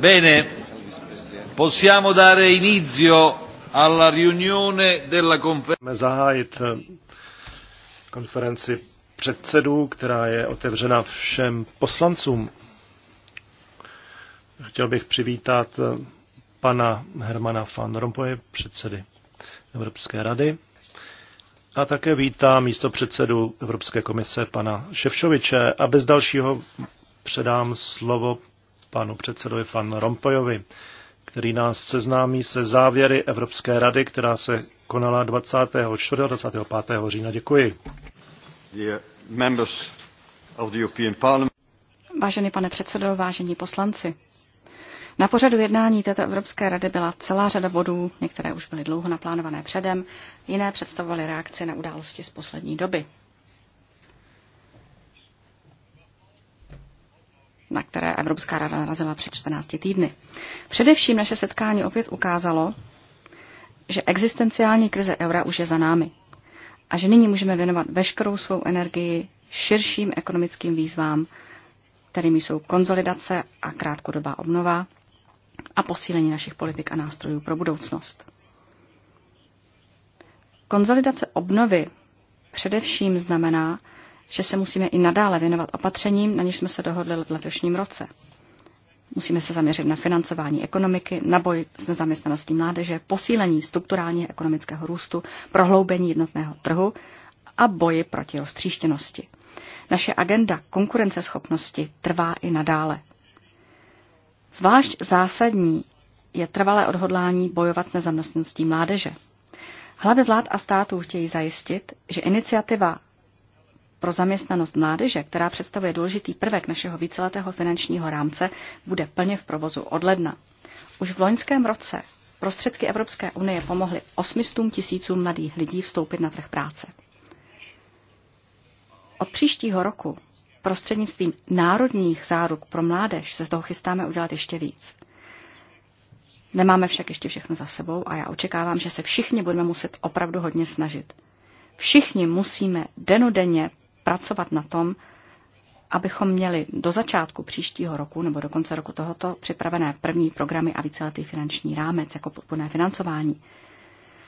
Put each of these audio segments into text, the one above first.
Bene, possiamo dare inizio alla riunione della conferenza. zahájit eh, konferenci předsedů, která je otevřena všem poslancům. Chtěl bych přivítat eh, pana Hermana van Rompuy, předsedy Evropské rady. A také vítám místo předsedu Evropské komise pana Ševčoviče a bez dalšího předám slovo panu předsedovi Van Rompojovi, který nás seznámí se závěry Evropské rady, která se konala 24. a 25. října. Děkuji. Vážený pane předsedo, vážení poslanci, na pořadu jednání této Evropské rady byla celá řada bodů, některé už byly dlouho naplánované předem, jiné představovaly reakci na události z poslední doby. na které Evropská rada narazila před 14 týdny. Především naše setkání opět ukázalo, že existenciální krize eura už je za námi a že nyní můžeme věnovat veškerou svou energii širším ekonomickým výzvám, kterými jsou konzolidace a krátkodobá obnova a posílení našich politik a nástrojů pro budoucnost. Konzolidace obnovy především znamená, že se musíme i nadále věnovat opatřením, na něž jsme se dohodli v letošním roce. Musíme se zaměřit na financování ekonomiky, na boj s nezaměstnaností mládeže, posílení strukturálního ekonomického růstu, prohloubení jednotného trhu a boji proti roztříštěnosti. Naše agenda konkurenceschopnosti trvá i nadále. Zvlášť zásadní je trvalé odhodlání bojovat s nezaměstnaností mládeže. Hlavy vlád a států chtějí zajistit, že iniciativa pro zaměstnanost mládeže, která představuje důležitý prvek našeho víceletého finančního rámce, bude plně v provozu od ledna. Už v loňském roce prostředky Evropské unie pomohly 800 tisícům mladých lidí vstoupit na trh práce. Od příštího roku prostřednictvím národních záruk pro mládež se z toho chystáme udělat ještě víc. Nemáme však ještě všechno za sebou a já očekávám, že se všichni budeme muset opravdu hodně snažit. Všichni musíme denodenně pracovat na tom, abychom měli do začátku příštího roku nebo do konce roku tohoto připravené první programy a víceletý finanční rámec jako podporné financování.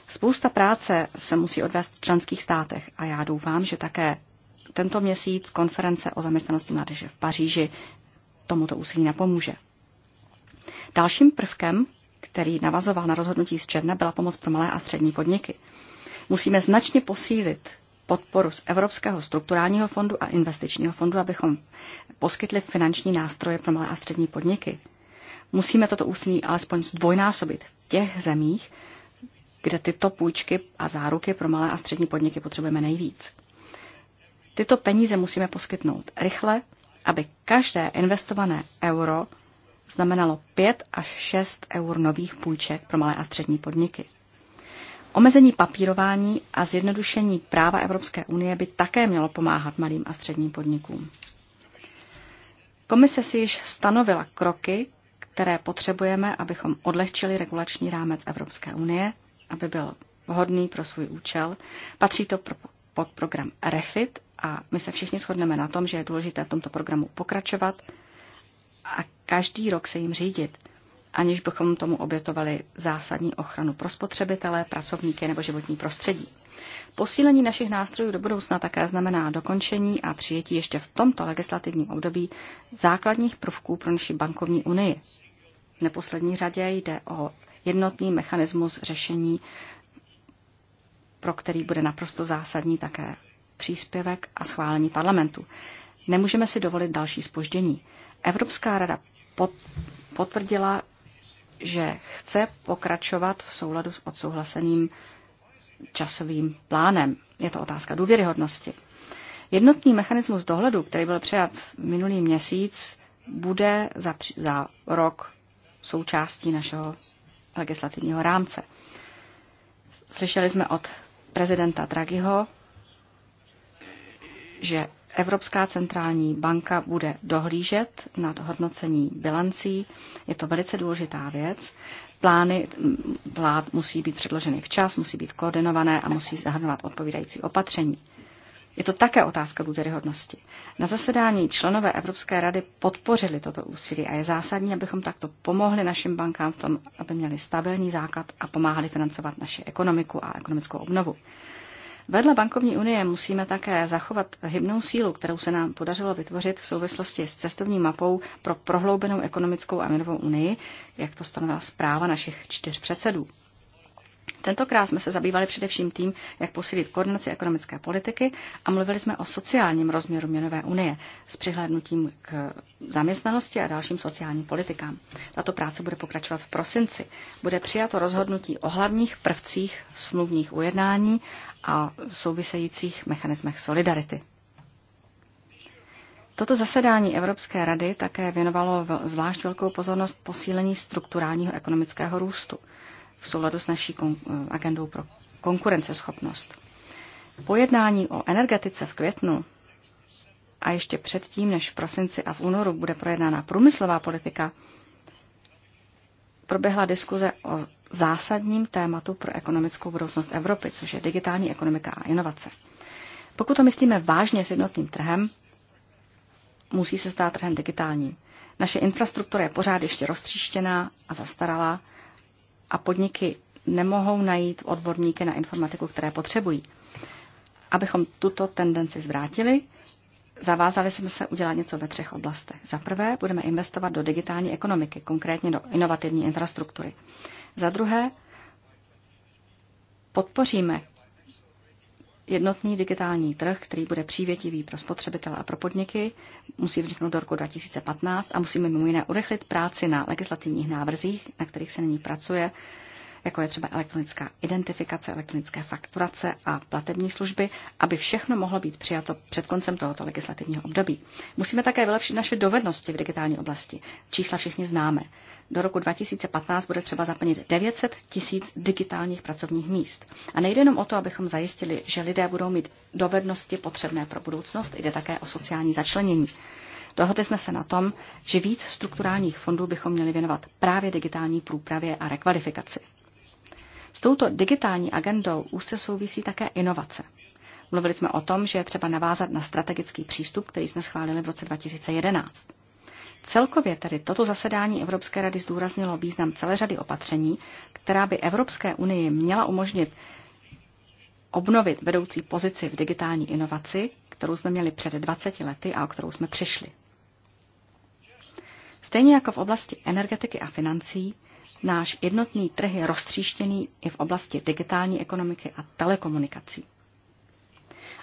Spousta práce se musí odvést v členských státech a já doufám, že také tento měsíc konference o zaměstnanosti mládeže v Paříži tomuto úsilí napomůže. Dalším prvkem, který navazoval na rozhodnutí z Černa, byla pomoc pro malé a střední podniky. Musíme značně posílit podporu z Evropského strukturálního fondu a investičního fondu, abychom poskytli finanční nástroje pro malé a střední podniky. Musíme toto úsilí alespoň zdvojnásobit v těch zemích, kde tyto půjčky a záruky pro malé a střední podniky potřebujeme nejvíc. Tyto peníze musíme poskytnout rychle, aby každé investované euro znamenalo 5 až 6 eur nových půjček pro malé a střední podniky. Omezení papírování a zjednodušení práva Evropské unie by také mělo pomáhat malým a středním podnikům. Komise si již stanovila kroky, které potřebujeme, abychom odlehčili regulační rámec Evropské unie, aby byl vhodný pro svůj účel. Patří to pro, pod program REFIT a my se všichni shodneme na tom, že je důležité v tomto programu pokračovat a každý rok se jim řídit aniž bychom tomu obětovali zásadní ochranu pro spotřebitele, pracovníky nebo životní prostředí. Posílení našich nástrojů do budoucna také znamená dokončení a přijetí ještě v tomto legislativním období základních prvků pro naši bankovní unii. V neposlední řadě jde o jednotný mechanismus řešení, pro který bude naprosto zásadní také příspěvek a schválení parlamentu. Nemůžeme si dovolit další spoždění. Evropská rada potvrdila že chce pokračovat v souladu s odsouhlaseným časovým plánem. Je to otázka důvěryhodnosti. Jednotný mechanismus dohledu, který byl přijat minulý měsíc, bude za, za rok součástí našeho legislativního rámce. Slyšeli jsme od prezidenta Draghiho, že Evropská centrální banka bude dohlížet nad hodnocení bilancí. Je to velice důležitá věc. Plány vlád mm, musí být předloženy včas, musí být koordinované a musí zahrnovat odpovídající opatření. Je to také otázka důvěryhodnosti. Na zasedání členové Evropské rady podpořili toto úsilí a je zásadní, abychom takto pomohli našim bankám v tom, aby měli stabilní základ a pomáhali financovat naši ekonomiku a ekonomickou obnovu. Vedle bankovní unie musíme také zachovat hybnou sílu, kterou se nám podařilo vytvořit v souvislosti s cestovní mapou pro prohloubenou ekonomickou a měnovou unii, jak to stanovila zpráva našich čtyř předsedů. Tentokrát jsme se zabývali především tím, jak posílit koordinaci ekonomické politiky a mluvili jsme o sociálním rozměru měnové unie s přihlédnutím k zaměstnanosti a dalším sociálním politikám. Tato práce bude pokračovat v prosinci. Bude přijato rozhodnutí o hlavních prvcích smluvních ujednání a souvisejících mechanismech solidarity. Toto zasedání Evropské rady také věnovalo zvlášť velkou pozornost posílení strukturálního ekonomického růstu – v souladu s naší eh, agendou pro konkurenceschopnost. Pojednání o energetice v květnu a ještě předtím, než v prosinci a v únoru bude projednána průmyslová politika, proběhla diskuze o zásadním tématu pro ekonomickou budoucnost Evropy, což je digitální ekonomika a inovace. Pokud to myslíme vážně s jednotným trhem, musí se stát trhem digitálním. Naše infrastruktura je pořád ještě roztříštěná a zastaralá a podniky nemohou najít odborníky na informatiku, které potřebují. Abychom tuto tendenci zvrátili, zavázali jsme se udělat něco ve třech oblastech. Za prvé budeme investovat do digitální ekonomiky, konkrétně do inovativní infrastruktury. Za druhé podpoříme Jednotný digitální trh, který bude přívětivý pro spotřebitele a pro podniky, musí vzniknout do roku 2015 a musíme mimo jiné urychlit práci na legislativních návrzích, na kterých se nyní pracuje, jako je třeba elektronická identifikace, elektronické fakturace a platební služby, aby všechno mohlo být přijato před koncem tohoto legislativního období. Musíme také vylepšit naše dovednosti v digitální oblasti. Čísla všichni známe. Do roku 2015 bude třeba zaplnit 900 tisíc digitálních pracovních míst. A nejde jenom o to, abychom zajistili, že lidé budou mít dovednosti potřebné pro budoucnost, jde také o sociální začlenění. Dohodli jsme se na tom, že víc strukturálních fondů bychom měli věnovat právě digitální průpravě a rekvalifikaci. S touto digitální agendou se souvisí také inovace. Mluvili jsme o tom, že je třeba navázat na strategický přístup, který jsme schválili v roce 2011. Celkově tedy toto zasedání Evropské rady zdůraznilo význam celé řady opatření, která by Evropské unii měla umožnit obnovit vedoucí pozici v digitální inovaci, kterou jsme měli před 20 lety a o kterou jsme přišli. Stejně jako v oblasti energetiky a financí, Náš jednotný trh je roztříštěný i v oblasti digitální ekonomiky a telekomunikací.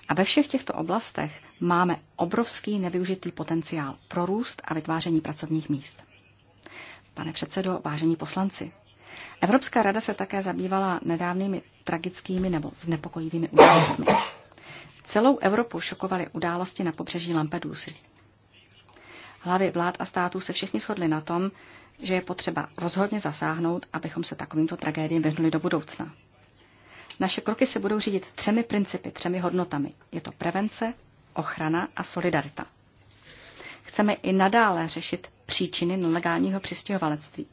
A ve všech těchto oblastech máme obrovský nevyužitý potenciál pro růst a vytváření pracovních míst. Pane předsedo, vážení poslanci, Evropská rada se také zabývala nedávnými tragickými nebo znepokojivými událostmi. Celou Evropu šokovaly události na pobřeží Lampedusy. Hlavy vlád a států se všichni shodli na tom, že je potřeba rozhodně zasáhnout, abychom se takovýmto tragédiím vyhnuli do budoucna. Naše kroky se budou řídit třemi principy, třemi hodnotami. Je to prevence, ochrana a solidarita. Chceme i nadále řešit příčiny nelegálního přistěhovalectví.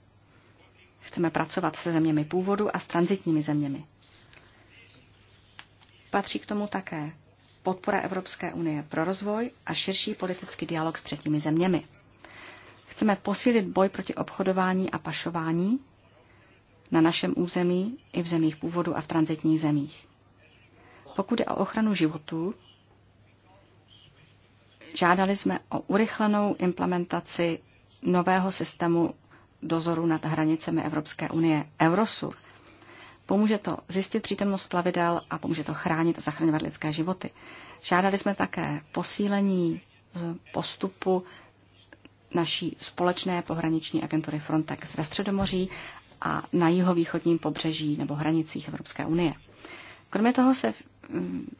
Chceme pracovat se zeměmi původu a s transitními zeměmi. Patří k tomu také podpora Evropské unie pro rozvoj a širší politický dialog s třetími zeměmi. Chceme posílit boj proti obchodování a pašování na našem území i v zemích původu a v transitních zemích. Pokud je o ochranu životů, žádali jsme o urychlenou implementaci nového systému dozoru nad hranicemi Evropské unie Eurosur. Pomůže to zjistit přítomnost plavidel a pomůže to chránit a zachraňovat lidské životy. Žádali jsme také posílení postupu naší společné pohraniční agentury Frontex ve Středomoří a na jihovýchodním pobřeží nebo hranicích Evropské unie. Kromě toho se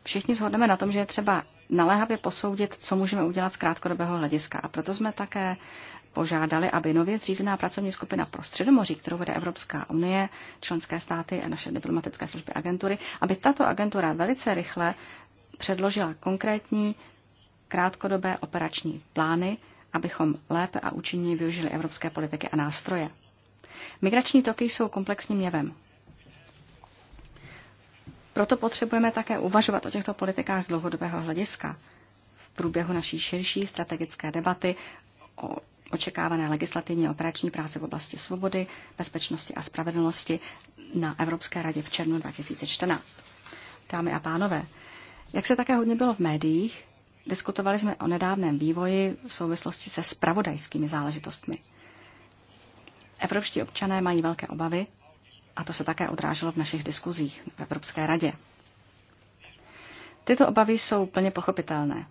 všichni shodneme na tom, že je třeba naléhavě posoudit, co můžeme udělat z krátkodobého hlediska. A proto jsme také požádali, aby nově zřízená pracovní skupina pro Středomoří, kterou vede Evropská unie, členské státy a naše diplomatické služby agentury, aby tato agentura velice rychle předložila konkrétní krátkodobé operační plány, abychom lépe a účinněji využili evropské politiky a nástroje. Migrační toky jsou komplexním jevem. Proto potřebujeme také uvažovat o těchto politikách z dlouhodobého hlediska v průběhu naší širší strategické debaty o očekávané legislativní a operační práce v oblasti svobody, bezpečnosti a spravedlnosti na Evropské radě v červnu 2014. Dámy a pánové, jak se také hodně bylo v médiích, Diskutovali jsme o nedávném vývoji v souvislosti se spravodajskými záležitostmi. Evropští občané mají velké obavy a to se také odráželo v našich diskuzích v Evropské radě. Tyto obavy jsou plně pochopitelné.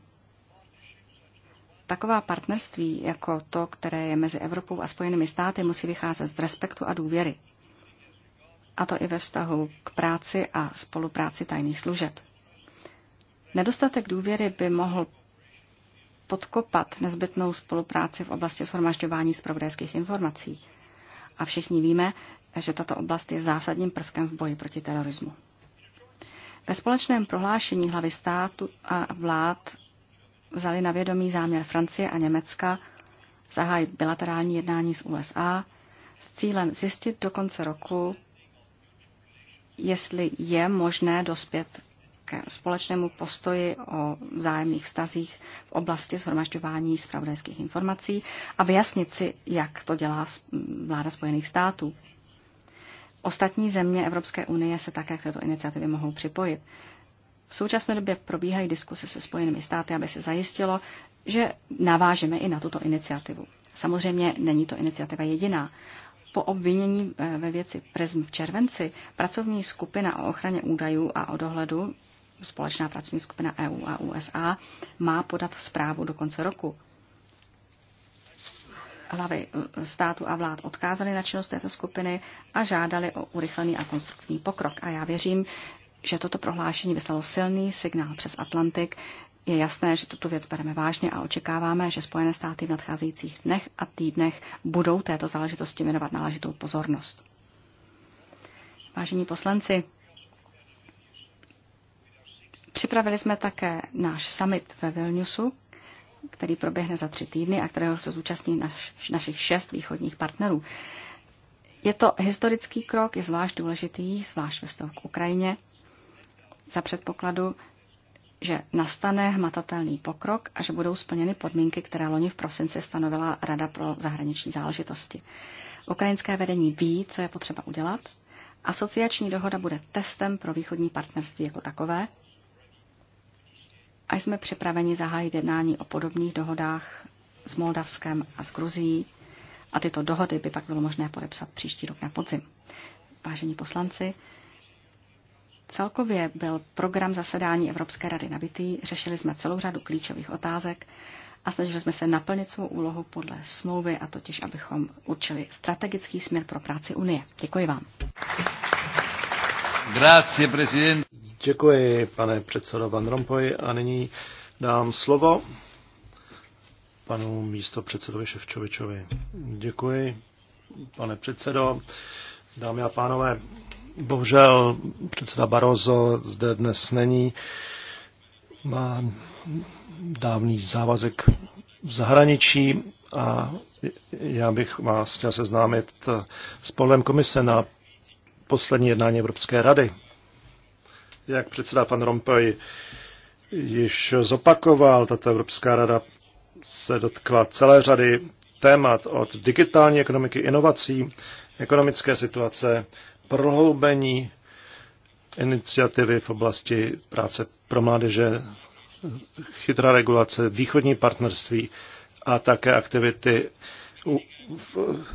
Taková partnerství jako to, které je mezi Evropou a Spojenými státy, musí vycházet z respektu a důvěry. A to i ve vztahu k práci a spolupráci tajných služeb. Nedostatek důvěry by mohl podkopat nezbytnou spolupráci v oblasti shromažďování zpravodajských informací. A všichni víme, že tato oblast je zásadním prvkem v boji proti terorismu. Ve společném prohlášení hlavy státu a vlád vzali na vědomí záměr Francie a Německa zahájit bilaterální jednání s USA s cílem zjistit do konce roku, jestli je možné dospět k společnému postoji o vzájemných vztazích v oblasti shromažďování zpravodajských informací a vyjasnit si, jak to dělá vláda Spojených států. Ostatní země Evropské unie se také k této iniciativě mohou připojit. V současné době probíhají diskuse se Spojenými státy, aby se zajistilo, že navážeme i na tuto iniciativu. Samozřejmě není to iniciativa jediná. Po obvinění eh, ve věci Prezm v červenci pracovní skupina o ochraně údajů a o dohledu společná pracovní skupina EU a USA, má podat zprávu do konce roku. Hlavy eh, státu a vlád odkázali na činnost této skupiny a žádali o urychlený a konstruktivní pokrok. A já věřím, že toto prohlášení vyslalo silný signál přes Atlantik. Je jasné, že tuto věc bereme vážně a očekáváme, že Spojené státy v nadcházejících dnech a týdnech budou této záležitosti věnovat náležitou pozornost. Vážení poslanci, Připravili jsme také náš summit ve Vilniusu, který proběhne za tři týdny a kterého se zúčastní naš, našich šest východních partnerů. Je to historický krok, je zvlášť důležitý, zvlášť ve vztahu k Ukrajině, za předpokladu, že nastane hmatatelný pokrok a že budou splněny podmínky, které loni v prosinci stanovila Rada pro zahraniční záležitosti. Ukrajinské vedení ví, co je potřeba udělat. Asociační dohoda bude testem pro východní partnerství jako takové a jsme připraveni zahájit jednání o podobných dohodách s Moldavskem a s Gruzií a tyto dohody by pak bylo možné podepsat příští rok na podzim. Vážení poslanci, celkově byl program zasedání Evropské rady nabitý, řešili jsme celou řadu klíčových otázek a snažili jsme se naplnit svou úlohu podle smlouvy, a totiž abychom určili strategický směr pro práci Unie. Děkuji vám. Grazie, prezident. Děkuji, pane předsedo Van Rompuy, a nyní dám slovo panu místo předsedovi Ševčovičovi. Děkuji, pane předsedo. Dámy a pánové, bohužel předseda Barozo zde dnes není. Má dávný závazek v zahraničí a já bych vás chtěl seznámit s polem komise na poslední jednání Evropské rady jak předseda Van Rompuy již zopakoval, tato Evropská rada se dotkla celé řady témat od digitální ekonomiky, inovací, ekonomické situace, prohloubení iniciativy v oblasti práce pro mládeže, chytrá regulace, východní partnerství a také aktivity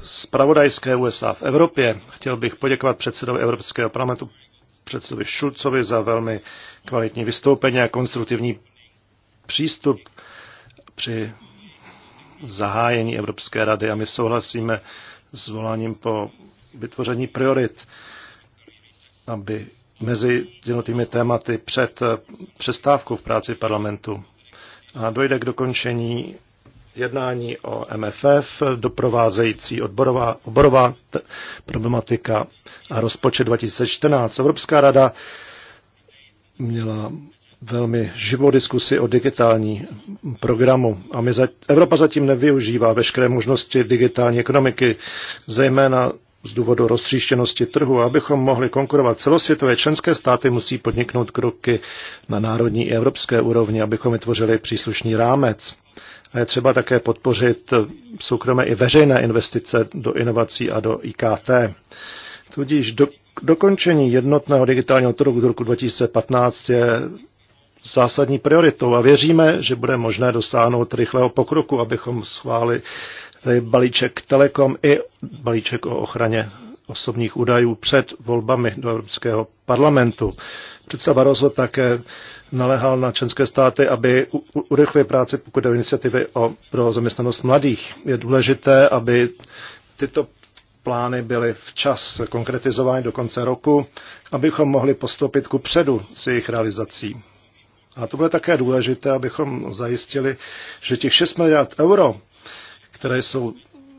zpravodajské USA v Evropě. Chtěl bych poděkovat předsedovi Evropského parlamentu předsedovi Šulcovi za velmi kvalitní vystoupení a konstruktivní přístup při zahájení Evropské rady a my souhlasíme s voláním po vytvoření priorit, aby mezi jednotlivými tématy před přestávkou v práci parlamentu a dojde k dokončení jednání o MFF, doprovázející odborová, oborová problematika a rozpočet 2014. Evropská rada měla velmi živou diskusi o digitální programu a my za, Evropa zatím nevyužívá veškeré možnosti digitální ekonomiky, zejména z důvodu roztříštěnosti trhu. Abychom mohli konkurovat celosvětové členské státy, musí podniknout kroky na národní i evropské úrovni, abychom vytvořili příslušný rámec a je třeba také podpořit soukromé i veřejné investice do inovací a do IKT. Tudíž do, dokončení jednotného digitálního trhu do roku 2015 je zásadní prioritou a věříme, že bude možné dosáhnout rychlého pokroku, abychom schválili balíček Telekom i balíček o ochraně osobních údajů před volbami do Evropského parlamentu. Představa rozhod také naléhal na členské státy, aby urychlili práci, pokud jde o iniciativy o, pro zaměstnanost mladých. Je důležité, aby tyto plány byly včas konkretizovány do konce roku, abychom mohli postoupit ku předu s jejich realizací. A to bude také důležité, abychom zajistili, že těch 6 miliard euro, které jsou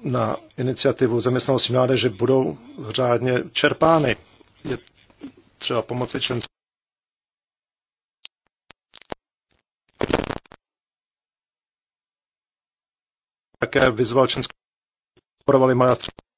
na iniciativu zaměstnanosti mládeže, budou řádně čerpány. Je třeba pomoci členství. také vyzval členské podporovaly malé a střední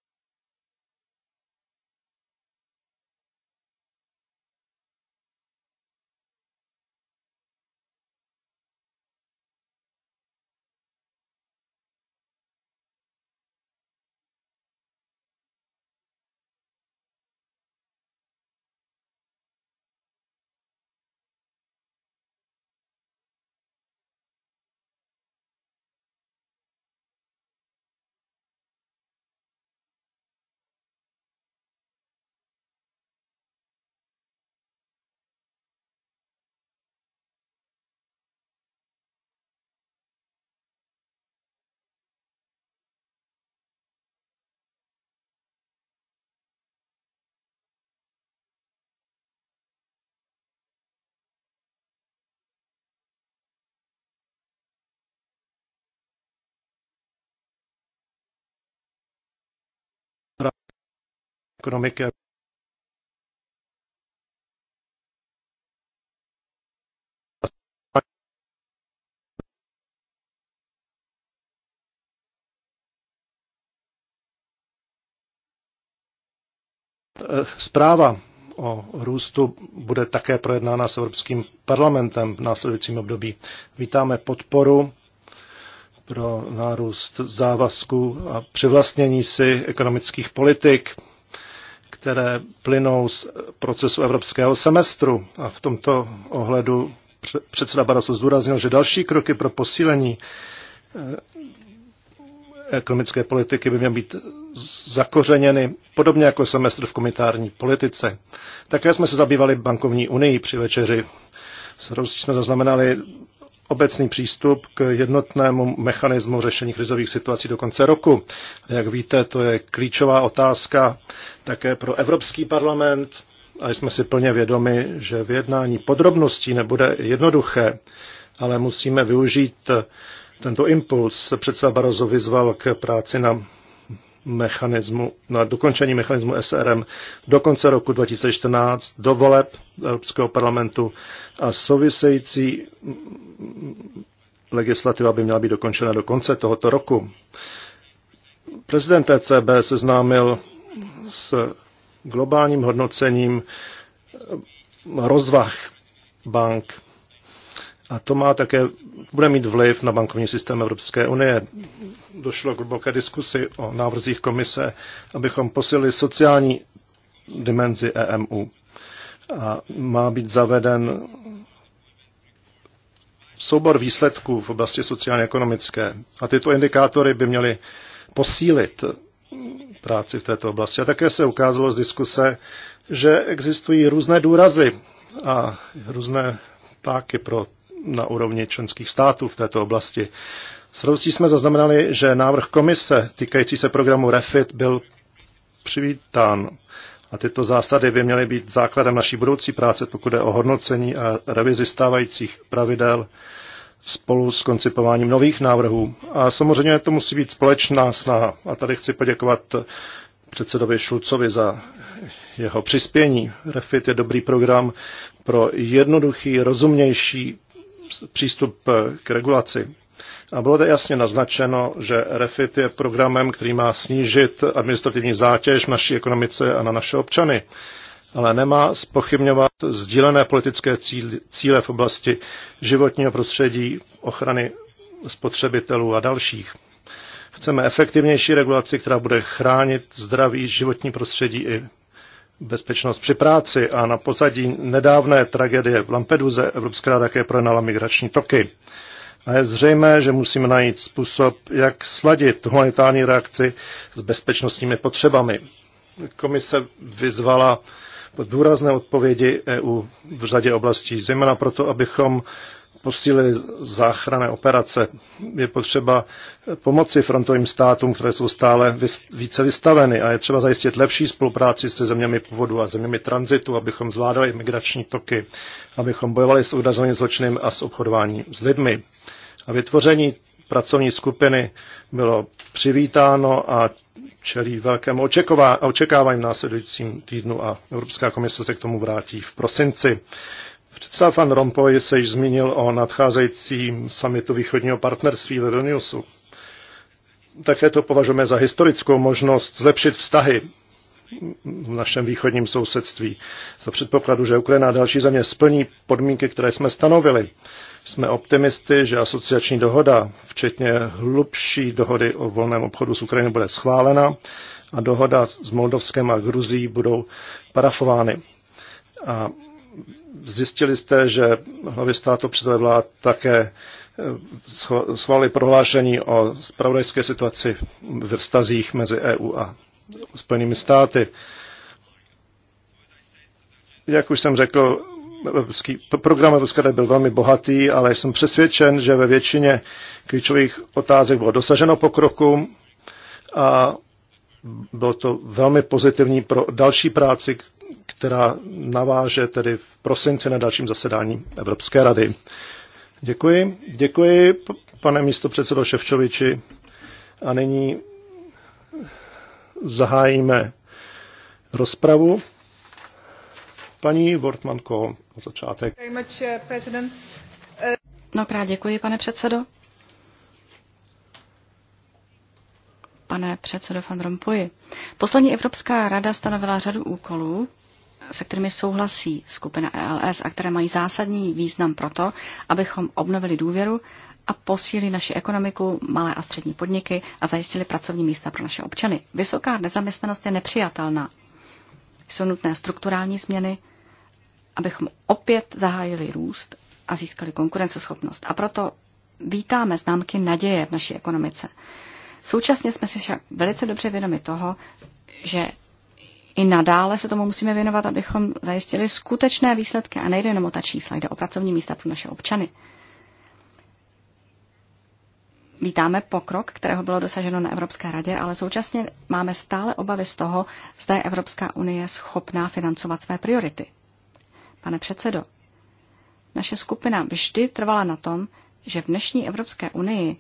ekonomiky Zpráva o růstu bude také projednána s Evropským parlamentem v následujícím období. Vítáme podporu pro nárůst závazků a přivlastnění si ekonomických politik které plynou z procesu evropského semestru. A v tomto ohledu předseda Barroso zdůraznil, že další kroky pro posílení eh, ekonomické politiky by měly být zakořeněny, podobně jako semestr v komunitární politice. Také jsme se zabývali bankovní unii při večeři. S jsme zaznamenali obecný přístup k jednotnému mechanismu řešení krizových situací do konce roku. Jak víte, to je klíčová otázka také pro Evropský parlament a jsme si plně vědomi, že vyjednání podrobností nebude jednoduché, ale musíme využít tento impuls. Předseda Barozo vyzval k práci na mechanismu, na dokončení mechanismu SRM do konce roku 2014 do voleb Evropského parlamentu a související legislativa by měla být dokončena do konce tohoto roku. Prezident ECB seznámil s globálním hodnocením rozvah bank a to má také, bude mít vliv na bankovní systém Evropské unie. Došlo k hluboké diskusi o návrzích komise, abychom posilili sociální dimenzi EMU. A má být zaveden soubor výsledků v oblasti sociálně-ekonomické. A tyto indikátory by měly posílit práci v této oblasti. A také se ukázalo z diskuse, že existují různé důrazy a různé páky pro na úrovni členských států v této oblasti. S radostí jsme zaznamenali, že návrh komise týkající se programu REFIT byl přivítán. A tyto zásady by měly být základem naší budoucí práce, pokud je o hodnocení a revizi stávajících pravidel spolu s koncipováním nových návrhů. A samozřejmě to musí být společná snaha. A tady chci poděkovat předsedovi Šulcovi za jeho přispění. Refit je dobrý program pro jednoduchý, rozumnější přístup eh, k regulaci. A bylo to jasně naznačeno, že REFIT je programem, který má snížit administrativní zátěž v naší ekonomice a na naše občany, ale nemá spochybňovat sdílené politické cíle v oblasti životního prostředí, ochrany spotřebitelů a dalších. Chceme efektivnější regulaci, která bude chránit zdraví, životní prostředí i bezpečnost při práci a na pozadí nedávné tragédie v Lampeduze Evropská rada také projednala migrační toky. A je zřejmé, že musíme najít způsob, jak sladit humanitární reakci s bezpečnostními potřebami. Komise vyzvala důrazné odpovědi EU v řadě oblastí, zejména proto, abychom posílili záchranné operace. Je potřeba pomoci frontovým státům, které jsou stále více vystaveny a je třeba zajistit lepší spolupráci se zeměmi původu a zeměmi tranzitu, abychom zvládali migrační toky, abychom bojovali s organizovaným zločinem a s obchodováním s lidmi. A vytvoření pracovní skupiny bylo přivítáno a čelí velkému očekávání v následujícím týdnu a Evropská komise se k tomu vrátí v prosinci. Předseda Van Rompuy se již zmínil o nadcházejícím samitu východního partnerství ve Vilniusu. Také to považujeme za historickou možnost zlepšit vztahy v našem východním sousedství. Za předpokladu, že Ukrajina a další země splní podmínky, které jsme stanovili. Jsme optimisty, že asociační dohoda, včetně hlubší dohody o volném obchodu s Ukrajinou, bude schválena a dohoda s Moldovskem a Gruzí budou parafovány. A Zjistili jste, že hlavy státu předové vlád také eh, schválili prohlášení o spravodajské situaci ve vztazích mezi EU a Spojenými státy. Jak už jsem řekl, program Evropské rady byl velmi bohatý, ale jsem přesvědčen, že ve většině klíčových otázek bylo dosaženo pokroku a bylo to velmi pozitivní pro další práci, která naváže tedy v prosinci na dalším zasedání Evropské rady. Děkuji. Děkuji, pane předsedo Ševčoviči. A nyní zahájíme rozpravu. Paní Wortmanko, na začátek. Uh, uh, Mnohokrát děkuji, pane předsedo. pane předsedo Van Rompuy. Poslední Evropská rada stanovila řadu úkolů, se kterými souhlasí skupina ELS a které mají zásadní význam pro to, abychom obnovili důvěru a posílili naši ekonomiku, malé a střední podniky a zajistili pracovní místa pro naše občany. Vysoká nezaměstnanost je nepřijatelná. Jsou nutné strukturální změny, abychom opět zahájili růst a získali konkurenceschopnost. A proto vítáme známky naděje v naší ekonomice. Současně jsme si však velice dobře vědomi toho, že i nadále se tomu musíme věnovat, abychom zajistili skutečné výsledky a nejde jenom o ta čísla, jde o pracovní místa pro naše občany. Vítáme pokrok, kterého bylo dosaženo na Evropské radě, ale současně máme stále obavy z toho, zda je Evropská unie schopná financovat své priority. Pane předsedo, naše skupina vždy trvala na tom, že v dnešní Evropské unii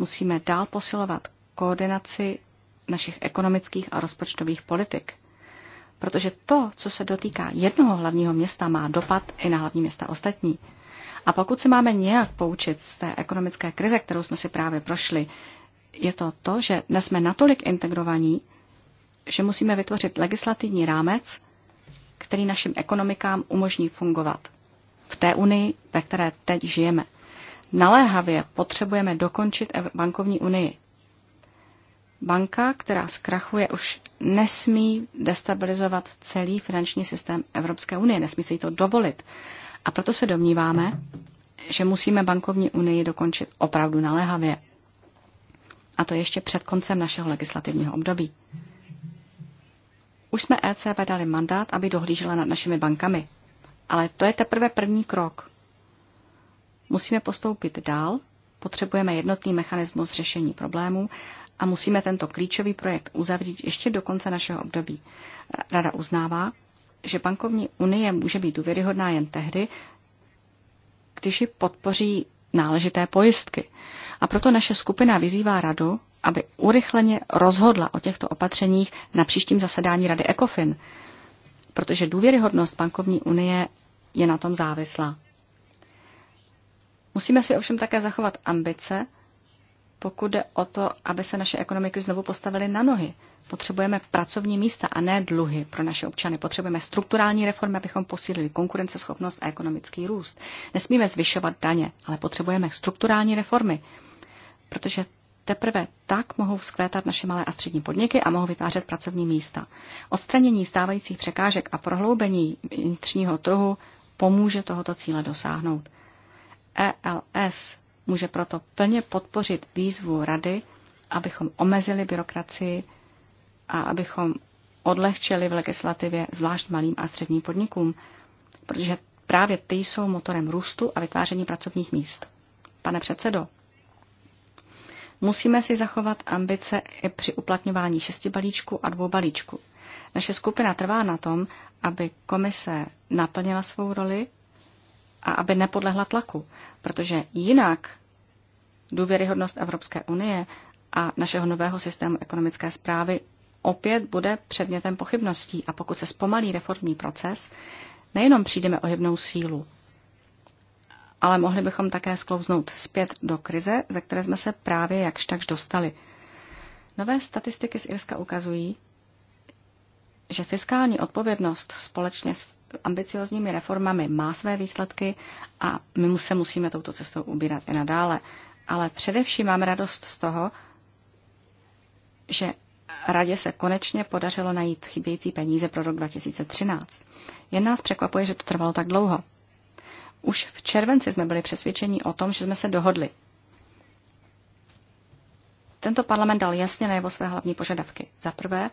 Musíme dál posilovat koordinaci našich ekonomických a rozpočtových politik. Protože to, co se dotýká jednoho hlavního města, má dopad i na hlavní města ostatní. A pokud se máme nějak poučit z té ekonomické krize, kterou jsme si právě prošli, je to to, že dnes jsme natolik integrovaní, že musíme vytvořit legislativní rámec, který našim ekonomikám umožní fungovat v té unii, ve které teď žijeme. Naléhavě potřebujeme dokončit bankovní unii. Banka, která zkrachuje, už nesmí destabilizovat celý finanční systém Evropské unie, nesmí se jí to dovolit. A proto se domníváme, že musíme bankovní unii dokončit opravdu naléhavě. A to ještě před koncem našeho legislativního období. Už jsme ECB dali mandát, aby dohlížela nad našimi bankami. Ale to je teprve první krok. Musíme postoupit dál, potřebujeme jednotný mechanismus řešení problémů a musíme tento klíčový projekt uzavřít ještě do konce našeho období. Rada uznává, že bankovní unie může být důvěryhodná jen tehdy, když ji podpoří náležité pojistky. A proto naše skupina vyzývá radu, aby urychleně rozhodla o těchto opatřeních na příštím zasedání Rady ECOFIN, protože důvěryhodnost bankovní unie je na tom závislá. Musíme si ovšem také zachovat ambice, pokud jde o to, aby se naše ekonomiky znovu postavily na nohy. Potřebujeme pracovní místa a ne dluhy pro naše občany. Potřebujeme strukturální reformy, abychom posílili konkurenceschopnost a ekonomický růst. Nesmíme zvyšovat daně, ale potřebujeme strukturální reformy, protože teprve tak mohou vzkvétat naše malé a střední podniky a mohou vytvářet pracovní místa. Odstranění stávajících překážek a prohloubení vnitřního trhu pomůže tohoto cíle dosáhnout. ELS může proto plně podpořit výzvu Rady, abychom omezili byrokracii a abychom odlehčili v legislativě zvlášť malým a středním podnikům, protože právě ty jsou motorem růstu a vytváření pracovních míst. Pane předsedo, musíme si zachovat ambice i při uplatňování šesti balíčku a dvou balíčku. Naše skupina trvá na tom, aby komise naplnila svou roli a aby nepodlehla tlaku, protože jinak důvěryhodnost Evropské unie a našeho nového systému ekonomické zprávy opět bude předmětem pochybností a pokud se zpomalí reformní proces, nejenom přijdeme o hybnou sílu, ale mohli bychom také sklouznout zpět do krize, ze které jsme se právě jakž takž dostali. Nové statistiky z Irska ukazují, že fiskální odpovědnost společně s ambiciozními reformami má své výsledky a my se musíme touto cestou ubírat i nadále. Ale především mám radost z toho, že radě se konečně podařilo najít chybějící peníze pro rok 2013. Jen nás překvapuje, že to trvalo tak dlouho. Už v červenci jsme byli přesvědčeni o tom, že jsme se dohodli. Tento parlament dal jasně najevo své hlavní požadavky. Za prvé,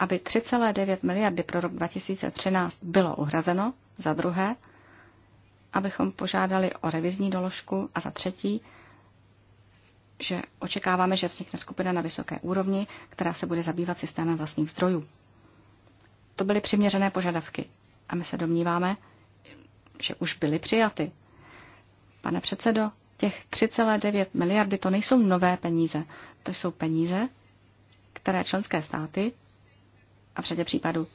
aby 3,9 miliardy pro rok 2013 bylo uhrazeno, za druhé, abychom požádali o revizní doložku a za třetí, že očekáváme, že vznikne skupina na vysoké úrovni, která se bude zabývat systémem vlastních zdrojů. To byly přiměřené požadavky a my se domníváme, že už byly přijaty. Pane předsedo, těch 3,9 miliardy to nejsou nové peníze, to jsou peníze, které členské státy a v řadě případů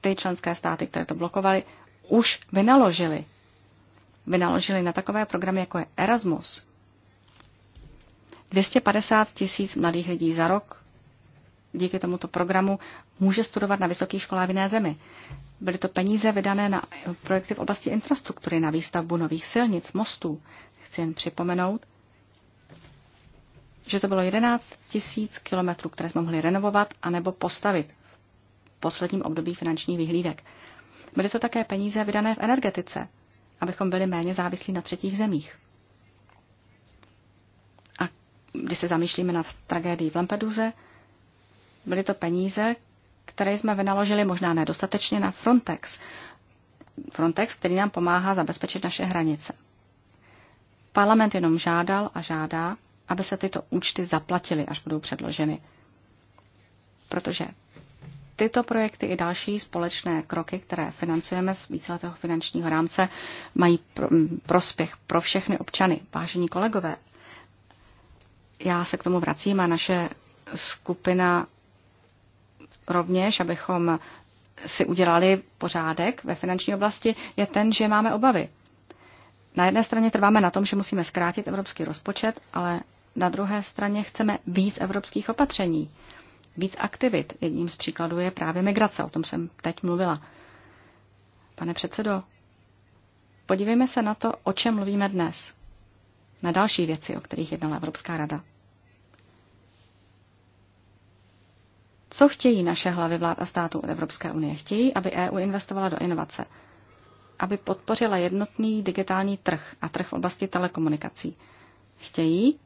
ty členské státy, které to blokovaly, už vynaložili. Vynaložili na takové programy, jako je Erasmus. 250 tisíc mladých lidí za rok díky tomuto programu může studovat na vysoké škole v jiné zemi. Byly to peníze vydané na projekty v oblasti infrastruktury, na výstavbu nových silnic, mostů. Chci jen připomenout, že to bylo 11 tisíc kilometrů, které jsme mohli renovovat anebo postavit posledním období finančních vyhlídek. Byly to také peníze vydané v energetice, abychom byli méně závislí na třetích zemích. A když se zamýšlíme nad tragédií v Lampeduze, byly to peníze, které jsme vynaložili možná nedostatečně na Frontex. Frontex, který nám pomáhá zabezpečit naše hranice. Parlament jenom žádal a žádá, aby se tyto účty zaplatily, až budou předloženy. Protože tyto projekty i další společné kroky, které financujeme z víceletého finančního rámce, mají prospěch pro všechny občany. Vážení kolegové, já se k tomu vracím a naše skupina rovněž, abychom si udělali pořádek ve finanční oblasti, je ten, že máme obavy. Na jedné straně trváme na tom, že musíme zkrátit evropský rozpočet, ale na druhé straně chceme víc evropských opatření víc aktivit. Jedním z příkladů je právě migrace, o tom jsem teď mluvila. Pane předsedo, podívejme se na to, o čem mluvíme dnes. Na další věci, o kterých jednala Evropská rada. Co chtějí naše hlavy vlád a států od Evropské unie? Chtějí, aby EU investovala do inovace, aby podpořila jednotný digitální trh a trh v oblasti telekomunikací. Chtějí,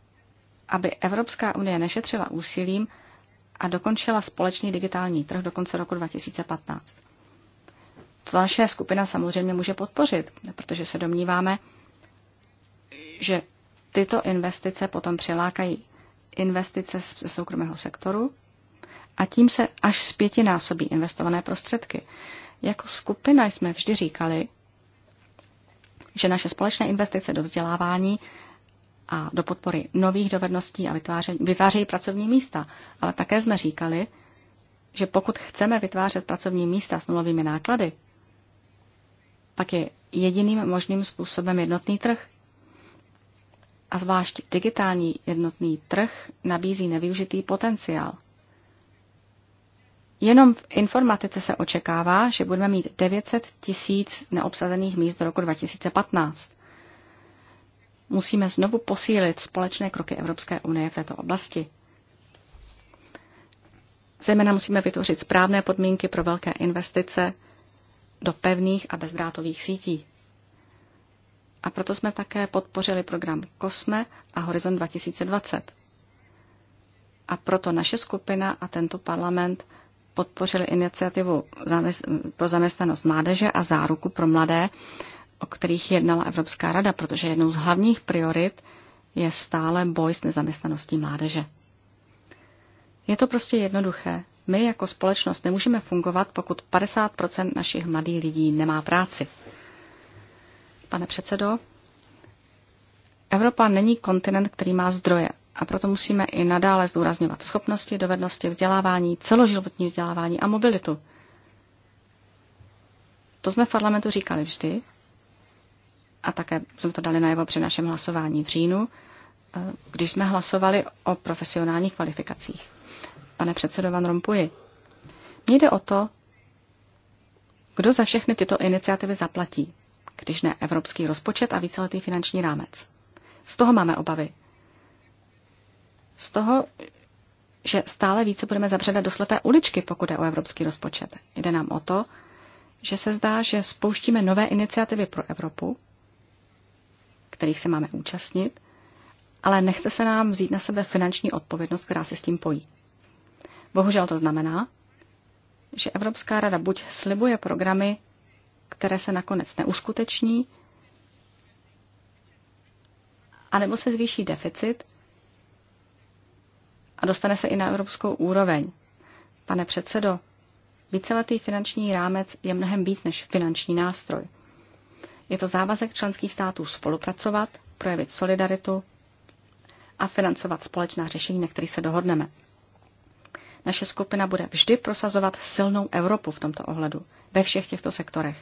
aby Evropská unie nešetřila úsilím, a dokončila společný digitální trh do konce roku 2015. To naše skupina samozřejmě může podpořit, protože se domníváme, že tyto investice potom přilákají investice ze soukromého sektoru a tím se až z pětinásobí investované prostředky. Jako skupina jsme vždy říkali, že naše společné investice do vzdělávání a do podpory nových dovedností a vytváření, vytvářejí pracovní místa. Ale také jsme říkali, že pokud chceme vytvářet pracovní místa s nulovými náklady, pak je jediným možným způsobem jednotný trh. A zvlášť digitální jednotný trh nabízí nevyužitý potenciál. Jenom v informatice se očekává, že budeme mít 900 tisíc neobsazených míst do roku 2015 musíme znovu posílit společné kroky Evropské unie v této oblasti. Zejména musíme vytvořit správné podmínky pro velké investice do pevných a bezdrátových sítí. A proto jsme také podpořili program COSME a Horizon 2020. A proto naše skupina a tento parlament podpořili iniciativu pro zaměstnanost mládeže a záruku pro mladé, o kterých jednala Evropská rada, protože jednou z hlavních priorit je stále boj s nezaměstnaností mládeže. Je to prostě jednoduché. My jako společnost nemůžeme fungovat, pokud 50 našich mladých lidí nemá práci. Pane předsedo, Evropa není kontinent, který má zdroje a proto musíme i nadále zdůrazňovat schopnosti, dovednosti, vzdělávání, celoživotní vzdělávání a mobilitu. To jsme v parlamentu říkali vždy a také jsme to dali najevo při našem hlasování v říjnu, eh, když jsme hlasovali o profesionálních kvalifikacích. Pane předsedo Van Rompuji, mně jde o to, kdo za všechny tyto iniciativy zaplatí, když ne evropský rozpočet a víceletý finanční rámec. Z toho máme obavy. Z toho, že stále více budeme zabředat do slepé uličky, pokud je o evropský rozpočet. Jde nám o to, že se zdá, že spouštíme nové iniciativy pro Evropu, kterých se máme účastnit, ale nechce se nám vzít na sebe finanční odpovědnost, která se s tím pojí. Bohužel to znamená, že Evropská rada buď slibuje programy, které se nakonec neuskuteční, anebo se zvýší deficit a dostane se i na evropskou úroveň. Pane předsedo, víceletý finanční rámec je mnohem víc než finanční nástroj. Je to závazek členských států spolupracovat, projevit solidaritu a financovat společná řešení, na kterých se dohodneme. Naše skupina bude vždy prosazovat silnou Evropu v tomto ohledu, ve všech těchto sektorech,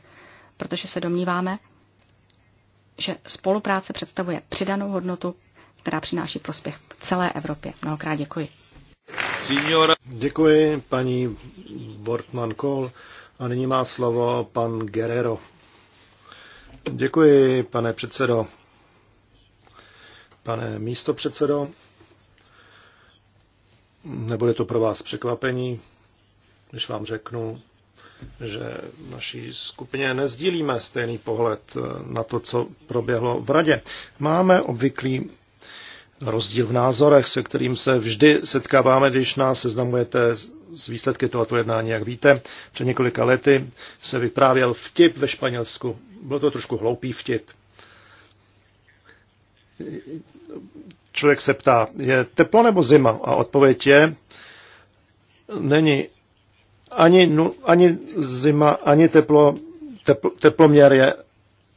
protože se domníváme, že spolupráce představuje přidanou hodnotu, která přináší prospěch celé Evropě. Mnohokrát děkuji. Signora. Děkuji paní Wortmann Kohl a nyní má slovo pan Guerrero. Děkuji, pane předsedo. Pane místo předsedo, nebude to pro vás překvapení, když vám řeknu, že naší skupině nezdílíme stejný pohled na to, co proběhlo v radě. Máme obvyklý rozdíl v názorech, se kterým se vždy setkáváme, když nás seznamujete s výsledky tohoto jednání. Jak víte, před několika lety se vyprávěl vtip ve Španělsku. Byl to trošku hloupý vtip. Člověk se ptá, je teplo nebo zima? A odpověď je, není ani, ani zima, ani teplo, tepl, teploměr je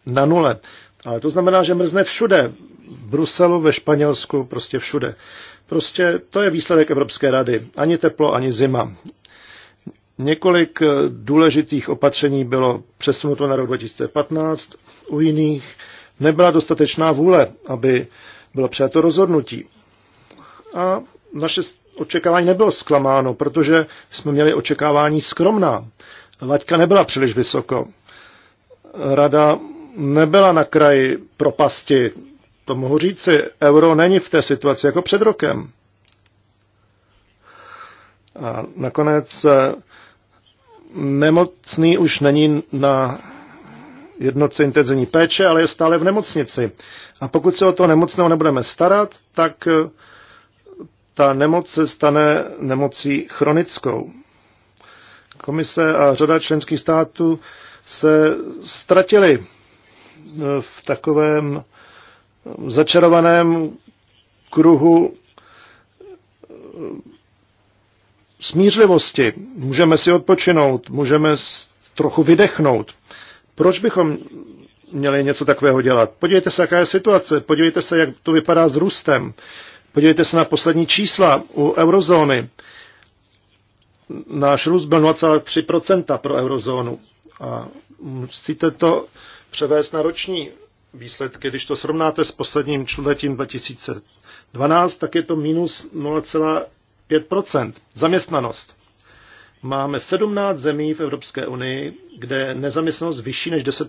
na nule. Ale to znamená, že mrzne všude, Bruselu, ve Španělsku, prostě všude. Prostě to je výsledek Evropské rady. Ani teplo, ani zima. Několik eh, důležitých opatření bylo přesunuto na rok 2015, u jiných nebyla dostatečná vůle, aby bylo přijato rozhodnutí. A naše očekávání nebylo zklamáno, protože jsme měli očekávání skromná. Laťka nebyla příliš vysoko. Rada nebyla na kraji propasti to mohu říci, euro není v té situaci jako před rokem. A nakonec eh, nemocný už není na jednotce intenzivní péče, ale je stále v nemocnici. A pokud se o to nemocného nebudeme starat, tak eh, ta nemoc se stane nemocí chronickou. Komise a řada členských států se ztratili eh, v takovém začarovaném kruhu eh, smířlivosti. Můžeme si odpočinout, můžeme trochu vydechnout. Proč bychom měli něco takového dělat? Podívejte se, jaká je situace, podívejte se, jak to vypadá s růstem, podívejte se na poslední čísla u eurozóny. Náš růst byl 0,3% pro eurozónu. A musíte to převést na roční výsledky. Když to srovnáte s posledním čtvrtletím 2012, tak je to minus 0,5 Zaměstnanost. Máme 17 zemí v Evropské unii, kde je nezaměstnanost vyšší než 10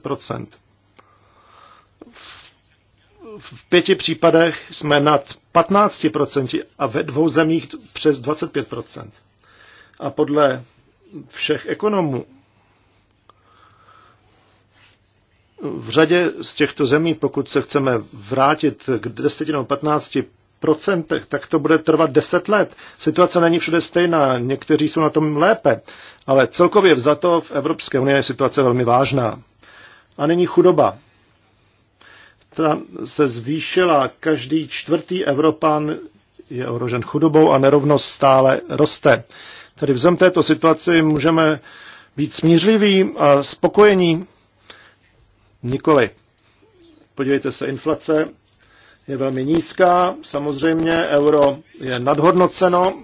V pěti případech jsme nad 15 a ve dvou zemích přes 25 A podle všech ekonomů v řadě z těchto zemí, pokud se chceme vrátit k 10 nebo 15 procentech, tak to bude trvat 10 let. Situace není všude stejná, někteří jsou na tom lépe, ale celkově vzato v Evropské unii je situace velmi vážná. A není chudoba. Ta se zvýšila, každý čtvrtý Evropan je ohrožen chudobou a nerovnost stále roste. Tedy vzem této situaci můžeme být smířliví a spokojení Nikoli. Podívejte se, inflace je velmi nízká, samozřejmě euro je nadhodnoceno.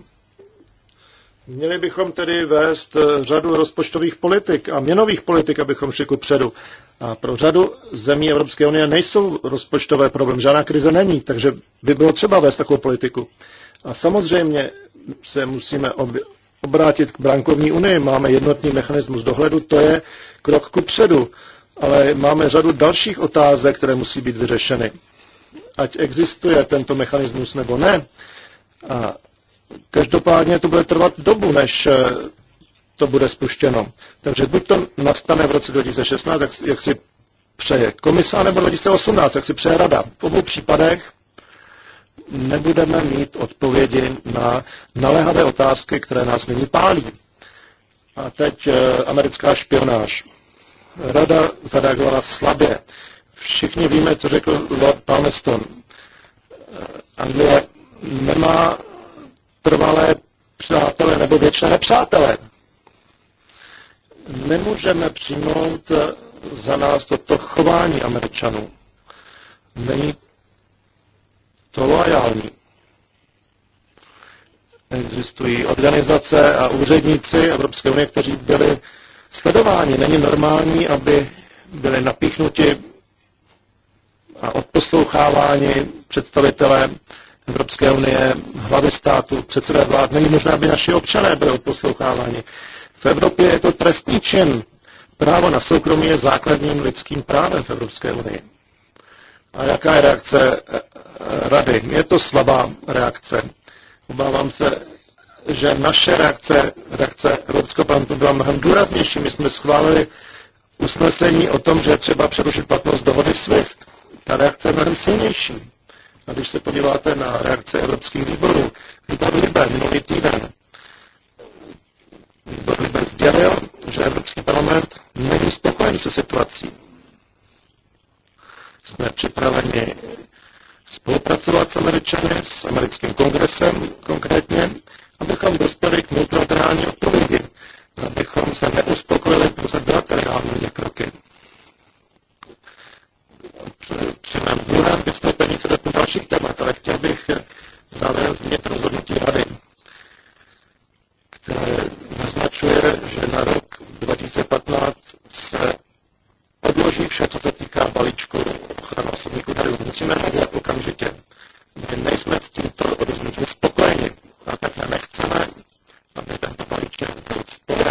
Měli bychom tedy vést eh, řadu rozpočtových politik a měnových politik, abychom šli ku předu. A pro řadu zemí Evropské unie nejsou rozpočtové problém, žádná krize není, takže by bylo třeba vést takovou politiku. A samozřejmě se musíme obrátit k bankovní unii, máme jednotný mechanismus dohledu, to je krok ku předu ale máme řadu dalších otázek, které musí být vyřešeny. Ať existuje tento mechanismus nebo ne. A každopádně to bude trvat dobu, než eh, to bude spuštěno. Takže buď to nastane v roce 2016, jak, jak si přeje komisa, nebo 2018, jak si přeje rada. V obou případech nebudeme mít odpovědi na naléhavé otázky, které nás nyní pálí. A teď eh, americká špionáž. Rada zareagovala slabě. Všichni víme, co řekl Lord Palmerston. Anglie nemá trvalé přátele nebo věčné nepřátele. Nemůžeme přijmout za nás toto chování Američanů. Není to loajální. Existují organizace a úředníci Evropské unie, kteří byli Sledování Není normální, aby byli napíchnuti a odposloucháváni představitelé Evropské unie, hlavy států, předsedé vlád. Není možná, aby naši občané byli odposloucháváni. V Evropě je to trestný čin. Právo na soukromí je základním lidským právem v Evropské unii. A jaká je reakce eh, eh, rady? Je to slabá reakce. Obávám se, že naše reakce, reakce Evropského parlamentu byla mnohem důraznější. My jsme schválili usnesení o tom, že je třeba přerušit platnost dohody SWIFT. Ta reakce je mnohem silnější. A když se podíváte na reakce evropských výborů, výbor Libe minulý týden, výbor Libe sdělil, že Evropský parlament není spokojen se situací. Jsme připraveni spolupracovat s Američany, s americkým kongresem konkrétně, abychom dospěli k multilaterální odpovědi, abychom se neuspokojili pouze bilaterálními kroky. Při mém druhém vystoupení se dotknu dalších témat, ale chtěl bych závěrem změnit rozhodnutí Rady, které naznačuje, že na rok 2015 se odloží vše, co se týká balíčku ochrany osobních údajů. Musíme hledat okamžitě. My nejsme s tímto rozhodnutím spokojeni. No, tak nechceme, aby tento balíček byl spojen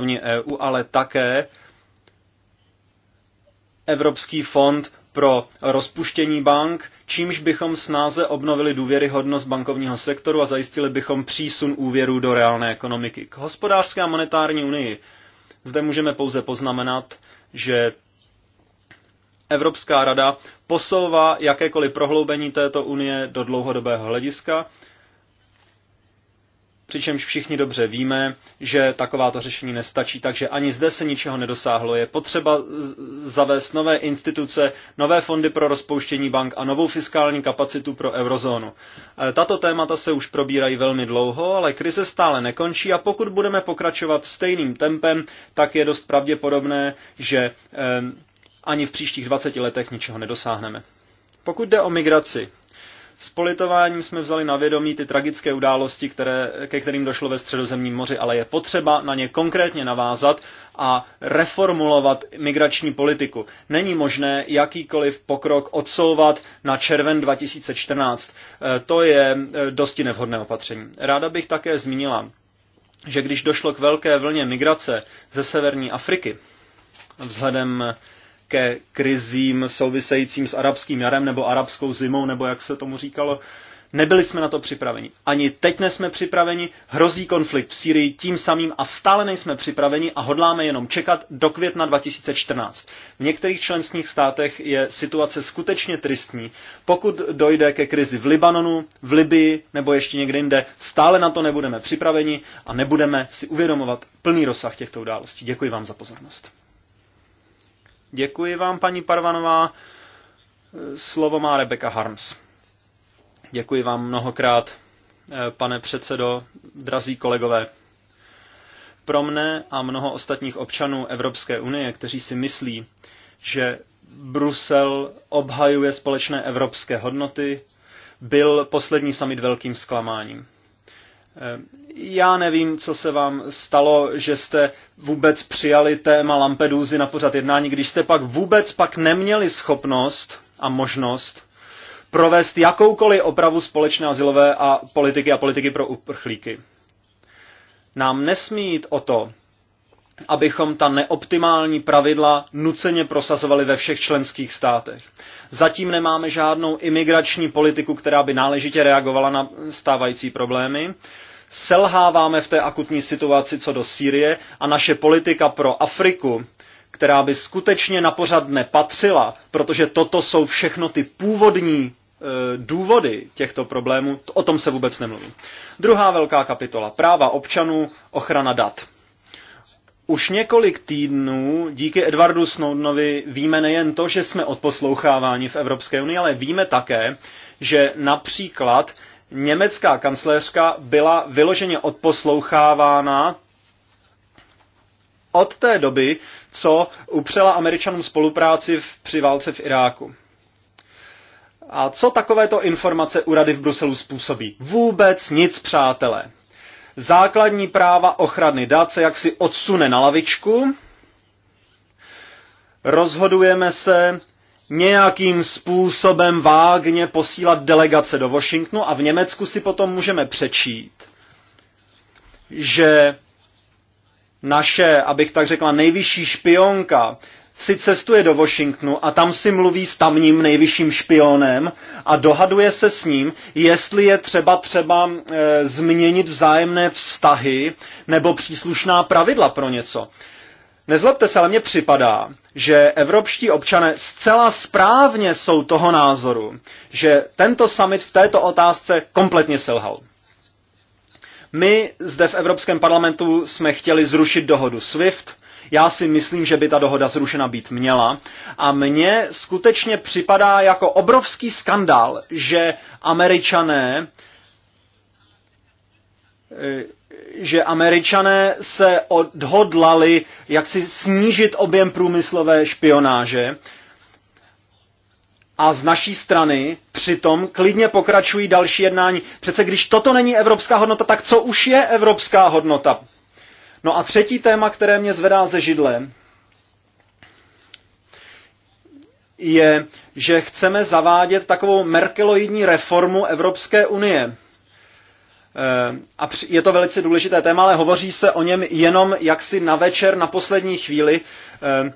úrovni EU, ale také Evropský fond pro rozpuštění bank, čímž bychom snáze obnovili důvěryhodnost bankovního sektoru a zajistili bychom přísun úvěrů do reálné ekonomiky. K hospodářské a monetární unii. Zde můžeme pouze poznamenat, že Evropská rada posouvá jakékoliv prohloubení této unie do dlouhodobého hlediska přičemž všichni dobře víme, že takováto řešení nestačí, takže ani zde se ničeho nedosáhlo. Je potřeba zavést nové instituce, nové fondy pro rozpouštění bank a novou fiskální kapacitu pro eurozónu. E, tato témata se už probírají velmi dlouho, ale krize stále nekončí a pokud budeme pokračovat stejným tempem, tak je dost pravděpodobné, že e, ani v příštích 20 letech ničeho nedosáhneme. Pokud jde o migraci, s politováním jsme vzali na vědomí ty tragické události, které, ke kterým došlo ve středozemním moři, ale je potřeba na ně konkrétně navázat a reformulovat migrační politiku. Není možné jakýkoliv pokrok odsouvat na červen 2014. E, to je e, dosti nevhodné opatření. Ráda bych také zmínila, že když došlo k velké vlně migrace ze severní Afriky, vzhledem ke krizím souvisejícím s arabským jarem nebo arabskou zimou, nebo jak se tomu říkalo. Nebyli jsme na to připraveni. Ani teď nejsme připraveni, hrozí konflikt v Sýrii tím samým a stále nejsme připraveni a hodláme jenom čekat do května 2014. V některých členských státech je situace skutečně tristní. Pokud dojde ke krizi v Libanonu, v Libii nebo ještě někde jinde, stále na to nebudeme připraveni a nebudeme si uvědomovat plný rozsah těchto událostí. Děkuji vám za pozornost. Děkuji vám, paní Parvanová. Slovo má Rebecca Harms. Děkuji vám mnohokrát, eh, pane předsedo, drazí kolegové. Pro mne a mnoho ostatních občanů Evropské unie, kteří si myslí, že Brusel obhajuje společné evropské hodnoty, byl poslední summit velkým zklamáním. Eh, já nevím, co se vám stalo, že jste vůbec přijali téma Lampedusy na pořad jednání, když jste pak vůbec pak neměli schopnost a možnost provést jakoukoliv opravu společné asilové a politiky a politiky pro uprchlíky. Nám nesmí jít o to, abychom ta neoptimální pravidla nuceně prosazovali ve všech členských státech. Zatím nemáme žádnou imigrační politiku, která by náležitě reagovala na stávající problémy selháváme v té akutní situaci co do Sýrie a naše politika pro Afriku, která by skutečně na pořad nepatřila, protože toto jsou všechno ty původní e, důvody těchto problémů, o tom se vůbec nemluví. Druhá velká kapitola. Práva občanů, ochrana dat. Už několik týdnů díky Edwardu Snowdenovi víme nejen to, že jsme odposloucháváni v Evropské unii, ale víme také, že například německá kancléřka byla vyloženě odposlouchávána od té doby, co upřela američanům spolupráci v, při válce v Iráku. A co takovéto informace u Rady v Bruselu způsobí? Vůbec nic, přátelé. Základní práva ochrany dat se jaksi odsune na lavičku, rozhodujeme se nějakým způsobem vágně posílat delegace do Washingtonu a v Německu si potom můžeme přečít, že naše, abych tak řekla, nejvyšší špionka si cestuje do Washingtonu a tam si mluví s tamním nejvyšším špionem a dohaduje se s ním, jestli je třeba třeba e, změnit vzájemné vztahy nebo příslušná pravidla pro něco. Nezlobte se, ale mně připadá, že evropští občané zcela správně jsou toho názoru, že tento summit v této otázce kompletně selhal. My zde v Evropském parlamentu jsme chtěli zrušit dohodu SWIFT. Já si myslím, že by ta dohoda zrušena být měla. A mně skutečně připadá jako obrovský skandál, že američané že američané se odhodlali jak si snížit objem průmyslové špionáže a z naší strany přitom klidně pokračují další jednání. Přece když toto není evropská hodnota, tak co už je evropská hodnota? No a třetí téma, které mě zvedá ze židle, je, že chceme zavádět takovou merkeloidní reformu Evropské unie – Eh, a je to velice důležité téma, ale hovoří se o něm jenom jaksi na večer, na poslední chvíli, eh,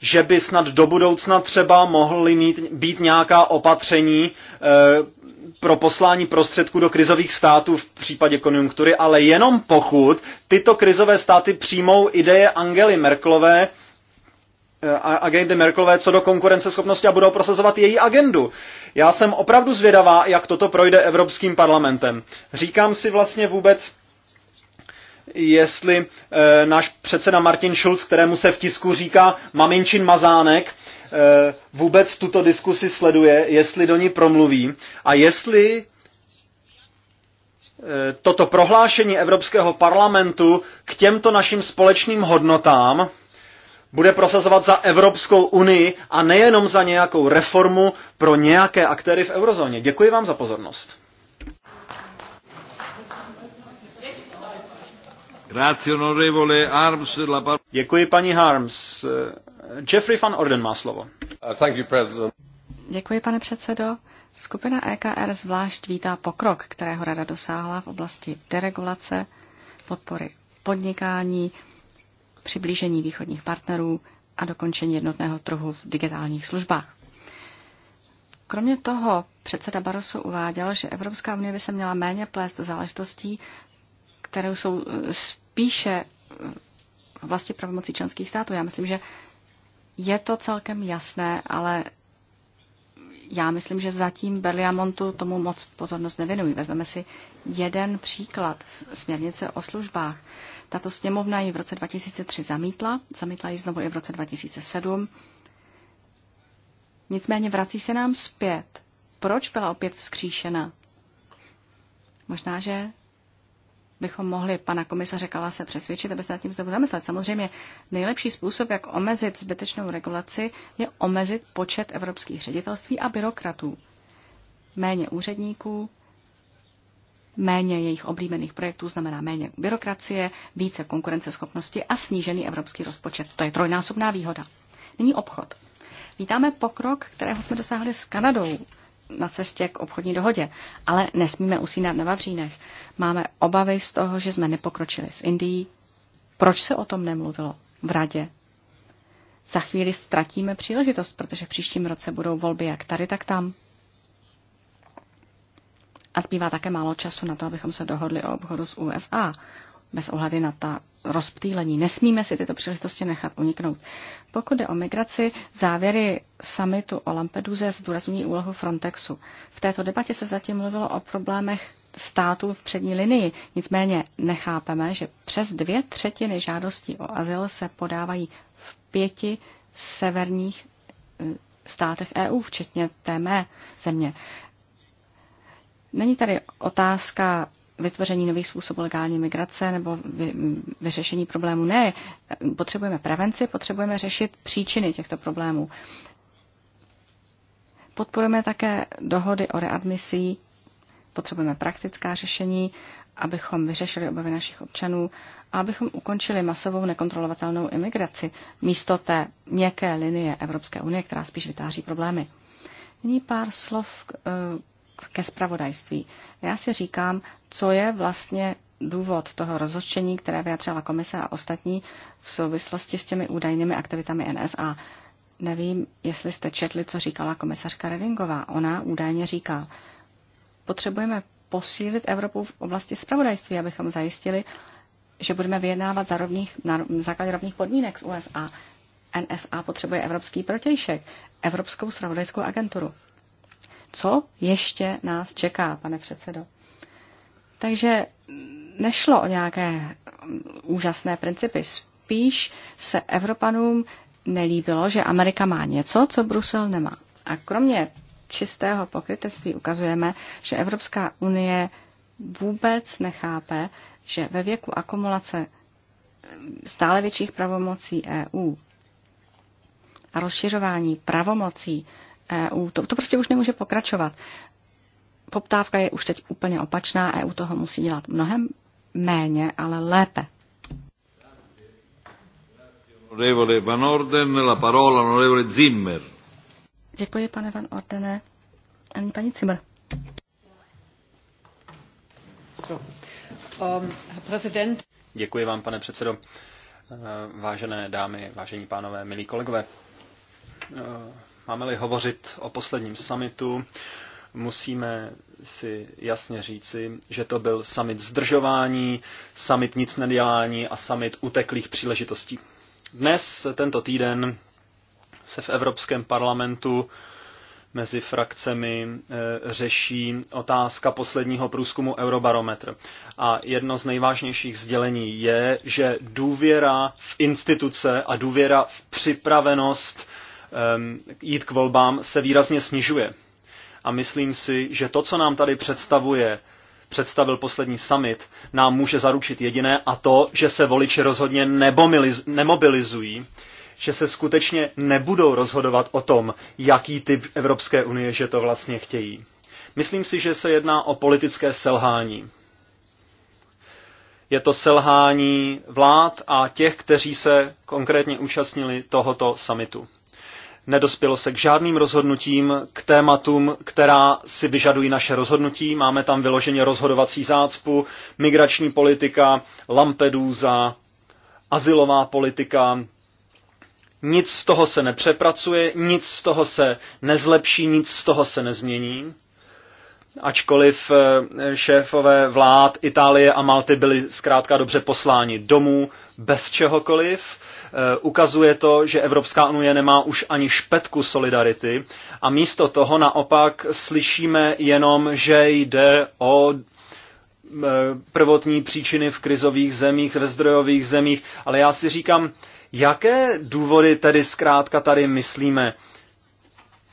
že by snad do budoucna třeba mohly mít, být nějaká opatření eh, pro poslání prostředků do krizových států v případě konjunktury, ale jenom pokud tyto krizové státy přijmou ideje Angely Merklové, Eh, agendy Merkelové co do konkurenceschopnosti a budou prosazovat její agendu. Já jsem opravdu zvědavá, jak toto projde Evropským parlamentem. Říkám si vlastně vůbec, jestli e, náš předseda Martin Schulz, kterému se v tisku říká maminčin mazánek, e, vůbec tuto diskusi sleduje, jestli do ní promluví a jestli e, toto prohlášení Evropského parlamentu k těmto našim společným hodnotám, bude prosazovat za Evropskou unii a nejenom za nějakou reformu pro nějaké aktéry v eurozóně. Děkuji vám za pozornost. Děkuji paní Harms. Jeffrey van Orden má slovo. Uh, Děkuji, pane předsedo. Skupina EKR zvlášť vítá pokrok, kterého rada dosáhla v oblasti deregulace, podpory podnikání, přiblížení východních partnerů a dokončení jednotného trhu v digitálních službách. Kromě toho předseda Barroso uváděl, že Evropská unie by se měla méně plést do záležitostí, které jsou eh, spíše vlastně pravomocí členských států. Já myslím, že je to celkem jasné, ale já myslím, že zatím Berliamontu tomu moc pozornost nevěnují. Vezmeme si jeden příklad směrnice o službách. Tato sněmovna ji v roce 2003 zamítla, zamítla ji znovu i v roce 2007. Nicméně vrací se nám zpět. Proč byla opět vzkříšena? Možná, že bychom mohli pana komisaře Kala se přesvědčit, aby se nad tím znovu zamyslet. Samozřejmě nejlepší způsob, jak omezit zbytečnou regulaci, je omezit počet evropských ředitelství a byrokratů. Méně úředníků, méně jejich oblíbených projektů znamená méně byrokracie, více konkurenceschopnosti a snížený evropský rozpočet. To je trojnásobná výhoda. Nyní obchod. Vítáme pokrok, kterého jsme dosáhli s Kanadou na cestě k obchodní dohodě, ale nesmíme usínat na Vavřínech. Máme obavy z toho, že jsme nepokročili s Indií. Proč se o tom nemluvilo v radě? Za chvíli ztratíme příležitost, protože v příštím roce budou volby jak tady, tak tam. A zbývá také málo času na to, abychom se dohodli o obchodu s USA bez ohledu na ta rozptýlení. Nesmíme si tyto příležitosti nechat uniknout. Pokud jde o migraci, závěry summitu o Lampeduze zdůrazňují úlohu Frontexu. V této debatě se zatím mluvilo o problémech států v přední linii. Nicméně nechápeme, že přes dvě třetiny žádostí o azyl se podávají v pěti severních eh, státech EU, včetně té mé země. Není tady otázka vytvoření nových způsobů legální migrace nebo vy, vyřešení problémů. Ne, potřebujeme prevenci, potřebujeme řešit příčiny těchto problémů. Podporujeme také dohody o readmisí, potřebujeme praktická řešení, abychom vyřešili obavy našich občanů a abychom ukončili masovou nekontrolovatelnou imigraci místo té měkké linie Evropské unie, která spíš vytáří problémy. Nyní pár slov eh, ke spravodajství. Já si říkám, co je vlastně důvod toho rozhodčení, které vyjadřila komise a ostatní v souvislosti s těmi údajnými aktivitami NSA. Nevím, jestli jste četli, co říkala komisařka Redingová. Ona údajně říká, potřebujeme posílit Evropu v oblasti spravodajství, abychom zajistili, že budeme vyjednávat za rovných, na základě rovných podmínek s USA. NSA potřebuje evropský protějšek, Evropskou spravodajskou agenturu co ještě nás čeká, pane předsedo. Takže nešlo o nějaké úžasné principy. Spíš se Evropanům nelíbilo, že Amerika má něco, co Brusel nemá. A kromě čistého pokrytectví ukazujeme, že Evropská unie vůbec nechápe, že ve věku akumulace stále větších pravomocí EU a rozšiřování pravomocí EU. To, to prostě už nemůže pokračovat. Poptávka je už teď úplně opačná, EU toho musí dělat mnohem méně, ale lépe. Van Orden, la parola, Děkuji, pane Van Ordene. Ani paní Zimmer. Um, Děkuji vám, pane předsedo. E, vážené dámy, vážení pánové, milí kolegové. E, Máme-li hovořit o posledním summitu, musíme si jasně říci, že to byl summit zdržování, summit nic nedělání a summit uteklých příležitostí. Dnes, tento týden, se v Evropském parlamentu mezi frakcemi e, řeší otázka posledního průzkumu Eurobarometr. A jedno z nejvážnějších sdělení je, že důvěra v instituce a důvěra v připravenost Ehm, jít k volbám, se výrazně snižuje. A myslím si, že to, co nám tady představuje, představil poslední summit, nám může zaručit jediné a to, že se voliči rozhodně nemobilizují, že se skutečně nebudou rozhodovat o tom, jaký typ Evropské unie, že to vlastně chtějí. Myslím si, že se jedná o politické selhání. Je to selhání vlád a těch, kteří se konkrétně účastnili tohoto samitu nedospělo se k žádným rozhodnutím, k tématům, která si vyžadují naše rozhodnutí. Máme tam vyloženě rozhodovací zácpu, migrační politika, Lampedusa, asilová politika. Nic z toho se nepřepracuje, nic z toho se nezlepší, nic z toho se nezmění. Ačkoliv eh, šéfové vlád Itálie a Malty byli zkrátka dobře posláni domů bez čehokoliv, Eh, ukazuje to, že Evropská unie nemá už ani špetku solidarity a místo toho naopak slyšíme jenom, že jde o eh, prvotní příčiny v krizových zemích, ve zdrojových zemích, ale já si říkám, jaké důvody tedy zkrátka tady myslíme?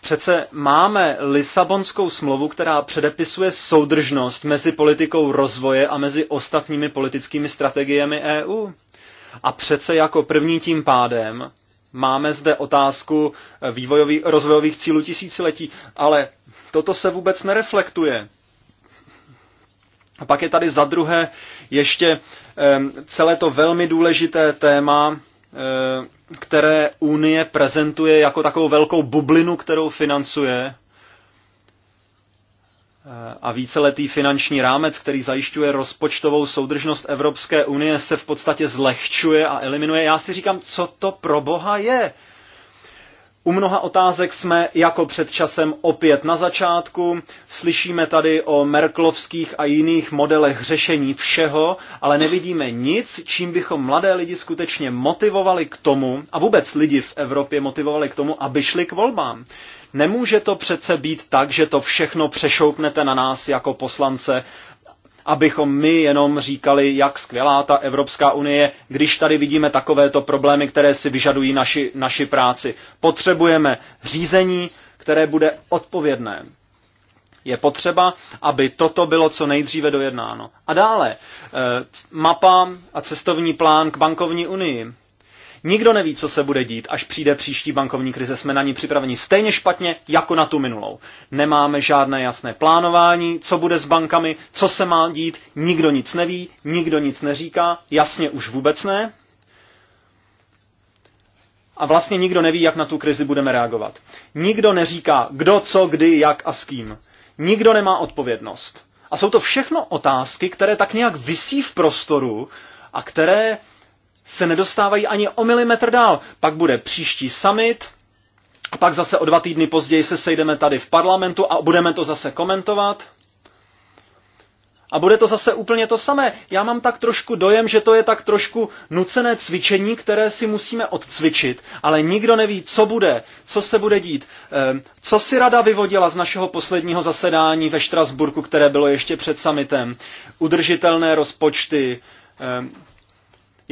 Přece máme Lisabonskou smlouvu, která předepisuje soudržnost mezi politikou rozvoje a mezi ostatními politickými strategiemi EU. A přece jako první tím pádem máme zde otázku vývojový, rozvojových cílů tisíciletí, ale toto se vůbec nereflektuje. A pak je tady za druhé ještě celé to velmi důležité téma, které Unie prezentuje jako takovou velkou bublinu, kterou financuje, a víceletý finanční rámec, který zajišťuje rozpočtovou soudržnost Evropské unie, se v podstatě zlehčuje a eliminuje. Já si říkám, co to pro boha je? U mnoha otázek jsme jako před časem opět na začátku. Slyšíme tady o merklovských a jiných modelech řešení všeho, ale nevidíme nic, čím bychom mladé lidi skutečně motivovali k tomu, a vůbec lidi v Evropě motivovali k tomu, aby šli k volbám. Nemůže to přece být tak, že to všechno přešoupnete na nás jako poslance, abychom my jenom říkali, jak skvělá ta Evropská unie je, když tady vidíme takovéto problémy, které si vyžadují naši, naši práci. Potřebujeme řízení, které bude odpovědné. Je potřeba, aby toto bylo co nejdříve dojednáno. A dále, eh, mapa a cestovní plán k bankovní unii. Nikdo neví, co se bude dít, až přijde příští bankovní krize. Jsme na ní připraveni stejně špatně, jako na tu minulou. Nemáme žádné jasné plánování, co bude s bankami, co se má dít, nikdo nic neví, nikdo nic neříká, jasně už vůbec ne. A vlastně nikdo neví, jak na tu krizi budeme reagovat. Nikdo neříká, kdo, co, kdy, jak a s kým. Nikdo nemá odpovědnost. A jsou to všechno otázky, které tak nějak visí v prostoru a které se nedostávají ani o milimetr dál. Pak bude příští summit, a pak zase o dva týdny později se sejdeme tady v parlamentu a budeme to zase komentovat. A bude to zase úplně to samé. Já mám tak trošku dojem, že to je tak trošku nucené cvičení, které si musíme odcvičit, ale nikdo neví, co bude, co se bude dít. Ehm, co si rada vyvodila z našeho posledního zasedání ve Štrasburku, které bylo ještě před summitem? Udržitelné rozpočty, ehm,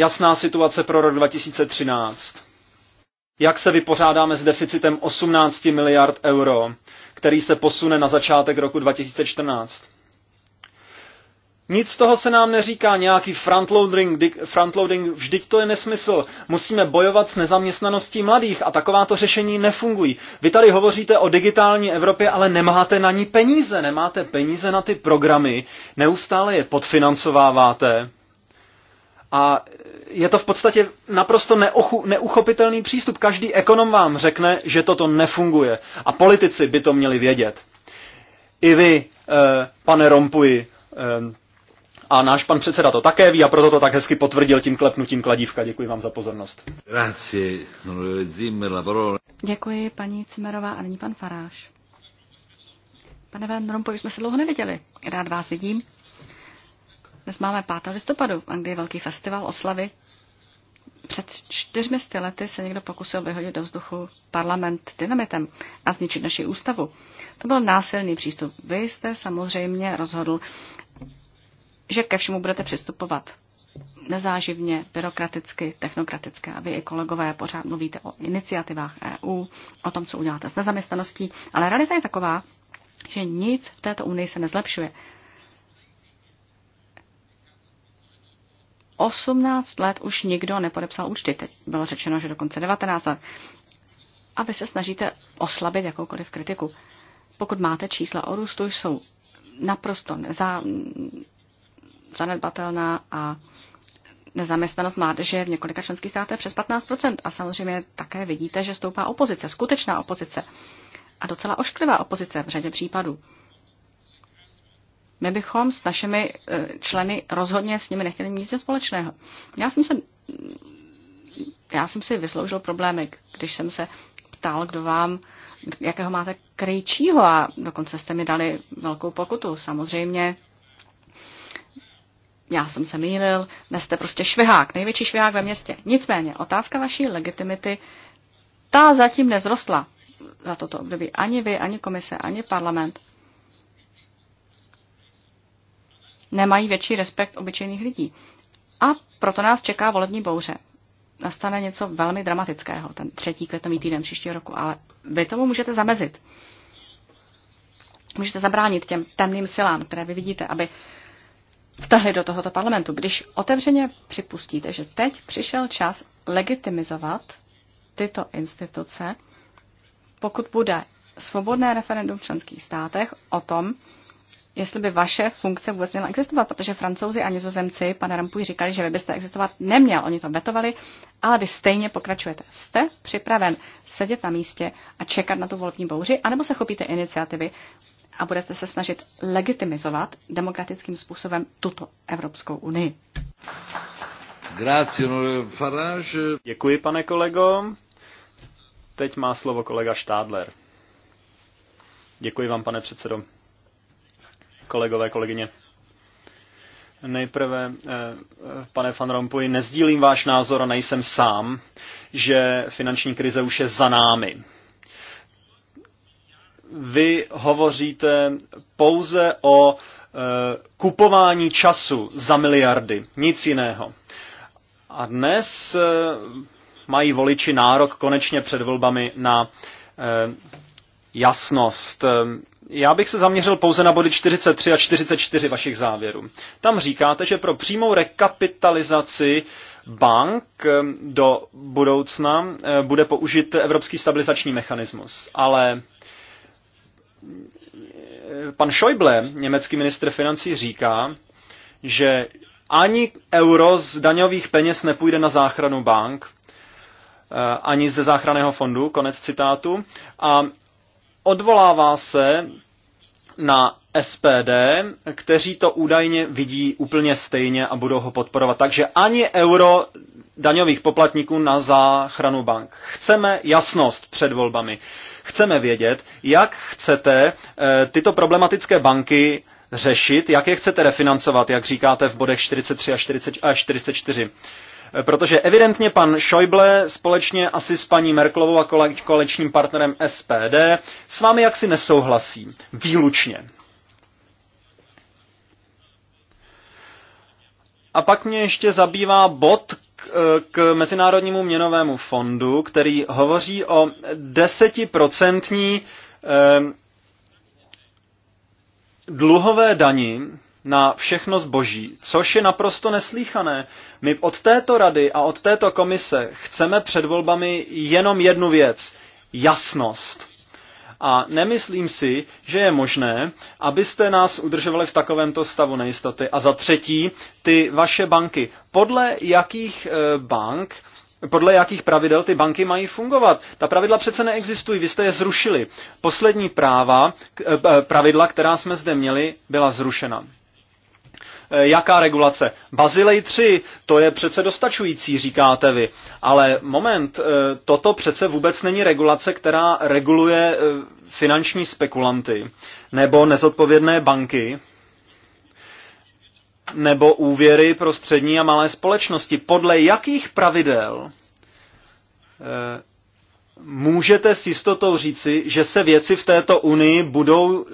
Jasná situace pro rok 2013. Jak se vypořádáme s deficitem 18 miliard euro, který se posune na začátek roku 2014? Nic z toho se nám neříká, nějaký frontloading, frontloading, vždyť to je nesmysl. Musíme bojovat s nezaměstnaností mladých a takováto řešení nefungují. Vy tady hovoříte o digitální Evropě, ale nemáte na ní peníze, nemáte peníze na ty programy, neustále je podfinancováváte. A je to v podstatě naprosto neochu, neuchopitelný přístup. Každý ekonom vám řekne, že toto nefunguje. A politici by to měli vědět. I vy, eh, pane Rompuji, eh, a náš pan předseda to také ví a proto to tak hezky potvrdil tím klepnutím kladívka. Děkuji vám za pozornost. Děkuji, paní Cimerová a nyní pan Faráš. Pane Van jsme se dlouho neviděli. Rád vás vidím. Dnes máme 5. listopadu v Anglii velký festival oslavy. Před čtyřmi lety se někdo pokusil vyhodit do vzduchu parlament dynamitem a zničit naši ústavu. To byl násilný přístup. Vy jste samozřejmě rozhodl, že ke všemu budete přistupovat nezáživně, byrokraticky, technokraticky. A vy i kolegové pořád mluvíte o iniciativách EU, o tom, co uděláte s nezaměstnaností. Ale realita je taková, že nic v této unii se nezlepšuje. 18 let už nikdo nepodepsal účty. Teď bylo řečeno, že dokonce 19 let. A vy se snažíte oslabit jakoukoliv kritiku. Pokud máte čísla o růstu, jsou naprosto neza, zanedbatelná a nezaměstnanost mládeže v několika členských státech přes 15%. A samozřejmě také vidíte, že stoupá opozice, skutečná opozice. A docela ošklivá opozice v řadě případů. My bychom s našimi eh, členy rozhodně s nimi nechtěli nic společného. Já jsem se já jsem si vysloužil problémy, když jsem se ptal, kdo vám, jakého máte krejčího a dokonce jste mi dali velkou pokutu. Samozřejmě já jsem se mýlil, dnes jste prostě švihák, největší švihák ve městě. Nicméně, otázka vaší legitimity, ta zatím nezrostla za toto období. Ani vy, ani komise, ani parlament. nemají větší respekt obyčejných lidí. A proto nás čeká volební bouře. Nastane něco velmi dramatického, ten třetí květnový týden příštího roku, ale vy tomu můžete zamezit. Můžete zabránit těm temným silám, které vy vidíte, aby vtahli do tohoto parlamentu. Když otevřeně připustíte, že teď přišel čas legitimizovat tyto instituce, pokud bude svobodné referendum v členských státech o tom, jestli by vaše funkce vůbec měla existovat, protože francouzi a nizozemci, pane Rampuji, říkali, že vy byste existovat neměl, oni to vetovali, ale vy stejně pokračujete. Jste připraven sedět na místě a čekat na tu volební bouři, anebo se chopíte iniciativy a budete se snažit legitimizovat demokratickým způsobem tuto Evropskou unii. Děkuji, pane kolego. Teď má slovo kolega Štádler. Děkuji vám, pane předsedo kolegové, kolegyně. Nejprve, eh, eh, pane Van Rompuy, nezdílím váš názor a nejsem sám, že finanční krize už je za námi. Vy hovoříte pouze o eh, kupování času za miliardy, nic jiného. A dnes mají voliči nárok konečně před volbami na jasnost. Ehm, já bych se zaměřil pouze na body 43 a 44 vašich závěrů. Tam říkáte, že pro přímou rekapitalizaci bank ehm, do budoucna ehm, bude použit Evropský stabilizační mechanismus. Ale pan Schäuble, německý ministr financí, říká, že ani euro z daňových peněz nepůjde na záchranu bank, ani ze záchranného fondu, konec citátu. A odvolává se na SPD, kteří to údajně vidí úplně stejně a budou ho podporovat. Takže ani euro daňových poplatníků na záchranu bank. Chceme jasnost před volbami. Chceme vědět, jak chcete e, tyto problematické banky řešit, jak je chcete refinancovat, jak říkáte v bodech 43 a, 40 a 44 protože evidentně pan Schäuble společně asi s paní Merklovou a kolečním partnerem SPD s vámi jaksi nesouhlasí. Výlučně. A pak mě ještě zabývá bod k, k Mezinárodnímu měnovému fondu, který hovoří o desetiprocentní eh, dluhové dani na všechno zboží, což je naprosto neslíchané. My od této rady a od této komise chceme před volbami jenom jednu věc. Jasnost. A nemyslím si, že je možné, abyste nás udržovali v takovémto stavu nejistoty. A za třetí, ty vaše banky. Podle jakých eh, bank podle jakých pravidel ty banky mají fungovat. Ta pravidla přece neexistují, vy jste je zrušili. Poslední práva, eh, pravidla, která jsme zde měli, byla zrušena. Eh, jaká regulace? Bazilej 3, to je přece dostačující, říkáte vy. Ale moment, eh, toto přece vůbec není regulace, která reguluje eh, finanční spekulanty nebo nezodpovědné banky, nebo úvěry pro střední a malé společnosti. Podle jakých pravidel můžete s jistotou říci, že se věci v této unii budou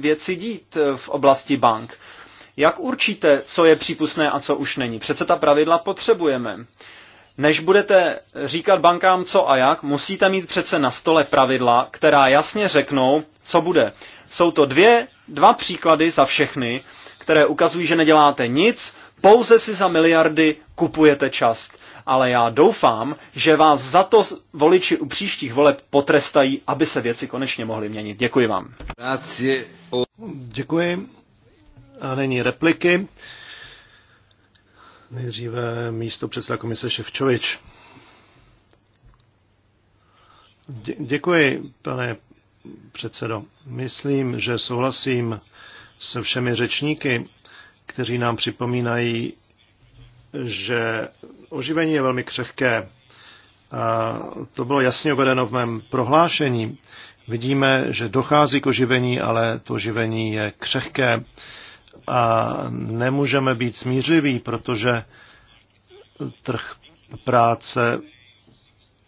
věci dít v oblasti bank? Jak určíte, co je přípustné a co už není? Přece ta pravidla potřebujeme. Než budete říkat bankám co a jak, musíte mít přece na stole pravidla, která jasně řeknou, co bude. Jsou to dvě, dva příklady za všechny, které ukazují, že neděláte nic, pouze si za miliardy kupujete čas. Ale já doufám, že vás za to voliči u příštích voleb potrestají, aby se věci konečně mohly měnit. Děkuji vám. Děkuji. A není repliky. Nejdříve místo předseda komise Ševčovič. Děkuji, pane předsedo. Myslím, že souhlasím se všemi řečníky, kteří nám připomínají, že oživení je velmi křehké. A to bylo jasně uvedeno v mém prohlášení. Vidíme, že dochází k oživení, ale to oživení je křehké a nemůžeme být smířiví, protože trh práce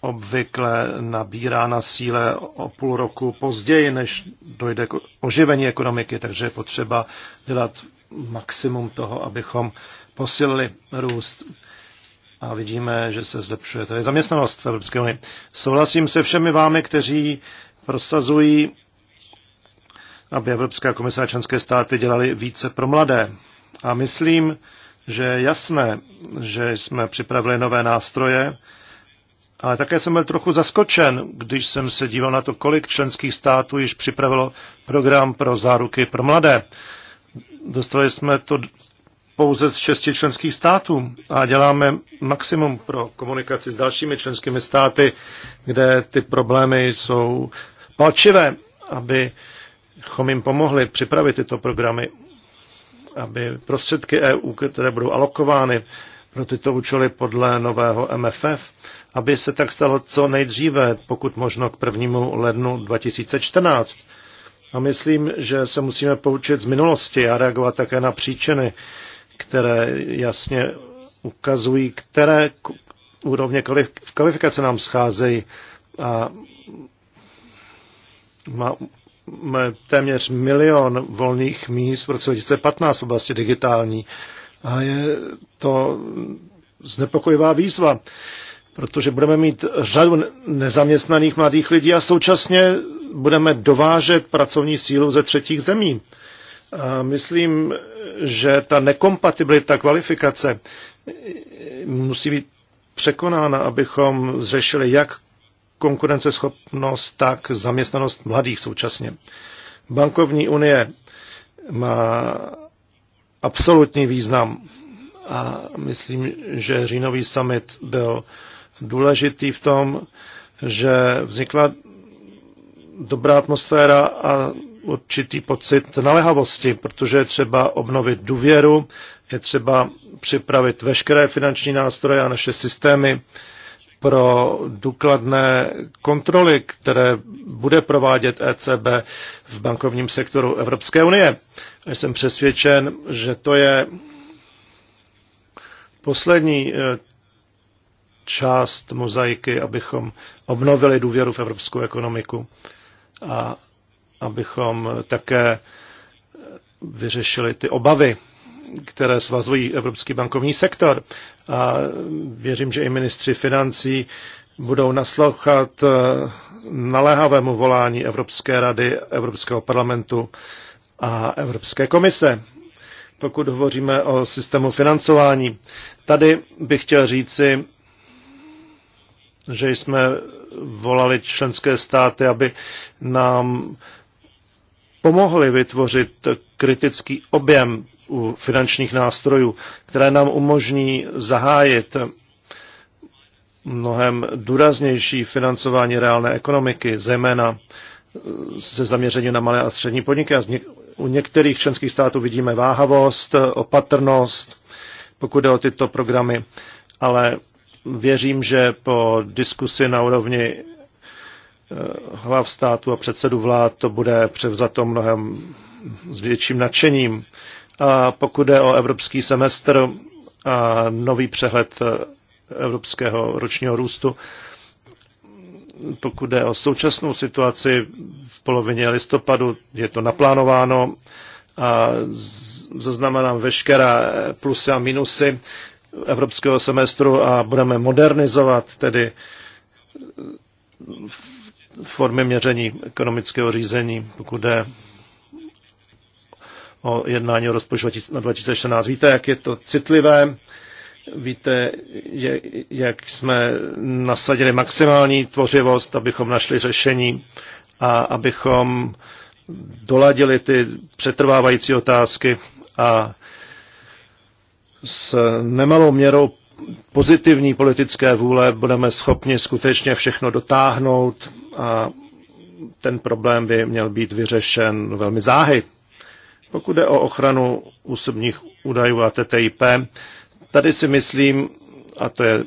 obvykle nabírá na síle o půl roku později, než dojde k oživení ekonomiky, takže je potřeba dělat maximum toho, abychom posilili růst. A vidíme, že se zlepšuje tady zaměstnanost v Evropské unii. Souhlasím se všemi vámi, kteří prosazují aby Evropská komise a členské státy dělali více pro mladé. A myslím, že je jasné, že jsme připravili nové nástroje, ale také jsem byl trochu zaskočen, když jsem se díval na to, kolik členských států již připravilo program pro záruky pro mladé. Dostali jsme to pouze z šesti členských států a děláme maximum pro komunikaci s dalšími členskými státy, kde ty problémy jsou palčivé, aby bychom jim pomohli připravit tyto programy, aby prostředky EU, které budou alokovány pro tyto účely podle nového MFF, aby se tak stalo co nejdříve, pokud možno k 1. lednu 2014. A myslím, že se musíme poučit z minulosti a reagovat také na příčiny, které jasně ukazují, které úrovně kvalifikace nám scházejí a téměř milion volných míst v roce 2015 v oblasti digitální. A je to znepokojivá výzva, protože budeme mít řadu nezaměstnaných mladých lidí a současně budeme dovážet pracovní sílu ze třetích zemí. A myslím, že ta nekompatibilita kvalifikace musí být překonána, abychom zřešili jak konkurenceschopnost, tak zaměstnanost mladých současně. Bankovní unie má absolutní význam a myslím, že říjnový summit byl důležitý v tom, že vznikla dobrá atmosféra a určitý pocit naléhavosti, protože je třeba obnovit důvěru, je třeba připravit veškeré finanční nástroje a naše systémy pro důkladné kontroly, které bude provádět ECB v bankovním sektoru Evropské unie. A jsem přesvědčen, že to je poslední eh, část mozaiky, abychom obnovili důvěru v evropskou ekonomiku a abychom také vyřešili ty obavy, které svazují evropský bankovní sektor. A věřím, že i ministři financí budou naslouchat eh, naléhavému volání Evropské rady, Evropského parlamentu a Evropské komise. Pokud hovoříme o systému financování, tady bych chtěl říci, že jsme volali členské státy, aby nám pomohli vytvořit kritický objem u finančních nástrojů, které nám umožní zahájit mnohem důraznější financování reálné ekonomiky, zejména e, se zaměřením na malé a střední podniky. A u některých členských států vidíme váhavost, opatrnost, pokud jde o tyto programy, ale věřím, že po diskusi na úrovni e, hlav státu a předsedu vlád to bude převzato mnohem s větším nadšením a pokud jde o evropský semestr a nový přehled evropského ročního růstu, pokud jde o současnou situaci v polovině listopadu, je to naplánováno a zaznamenám veškerá plusy a minusy evropského semestru a budeme modernizovat tedy formy měření ekonomického řízení, pokud jde o jednání o rozpočtu na 2014. Víte, jak je to citlivé, víte, jak jsme nasadili maximální tvořivost, abychom našli řešení a abychom doladili ty přetrvávající otázky a s nemalou měrou pozitivní politické vůle budeme schopni skutečně všechno dotáhnout a ten problém by měl být vyřešen velmi záhy. Pokud jde o ochranu osobních údajů a TTIP, tady si myslím, a to je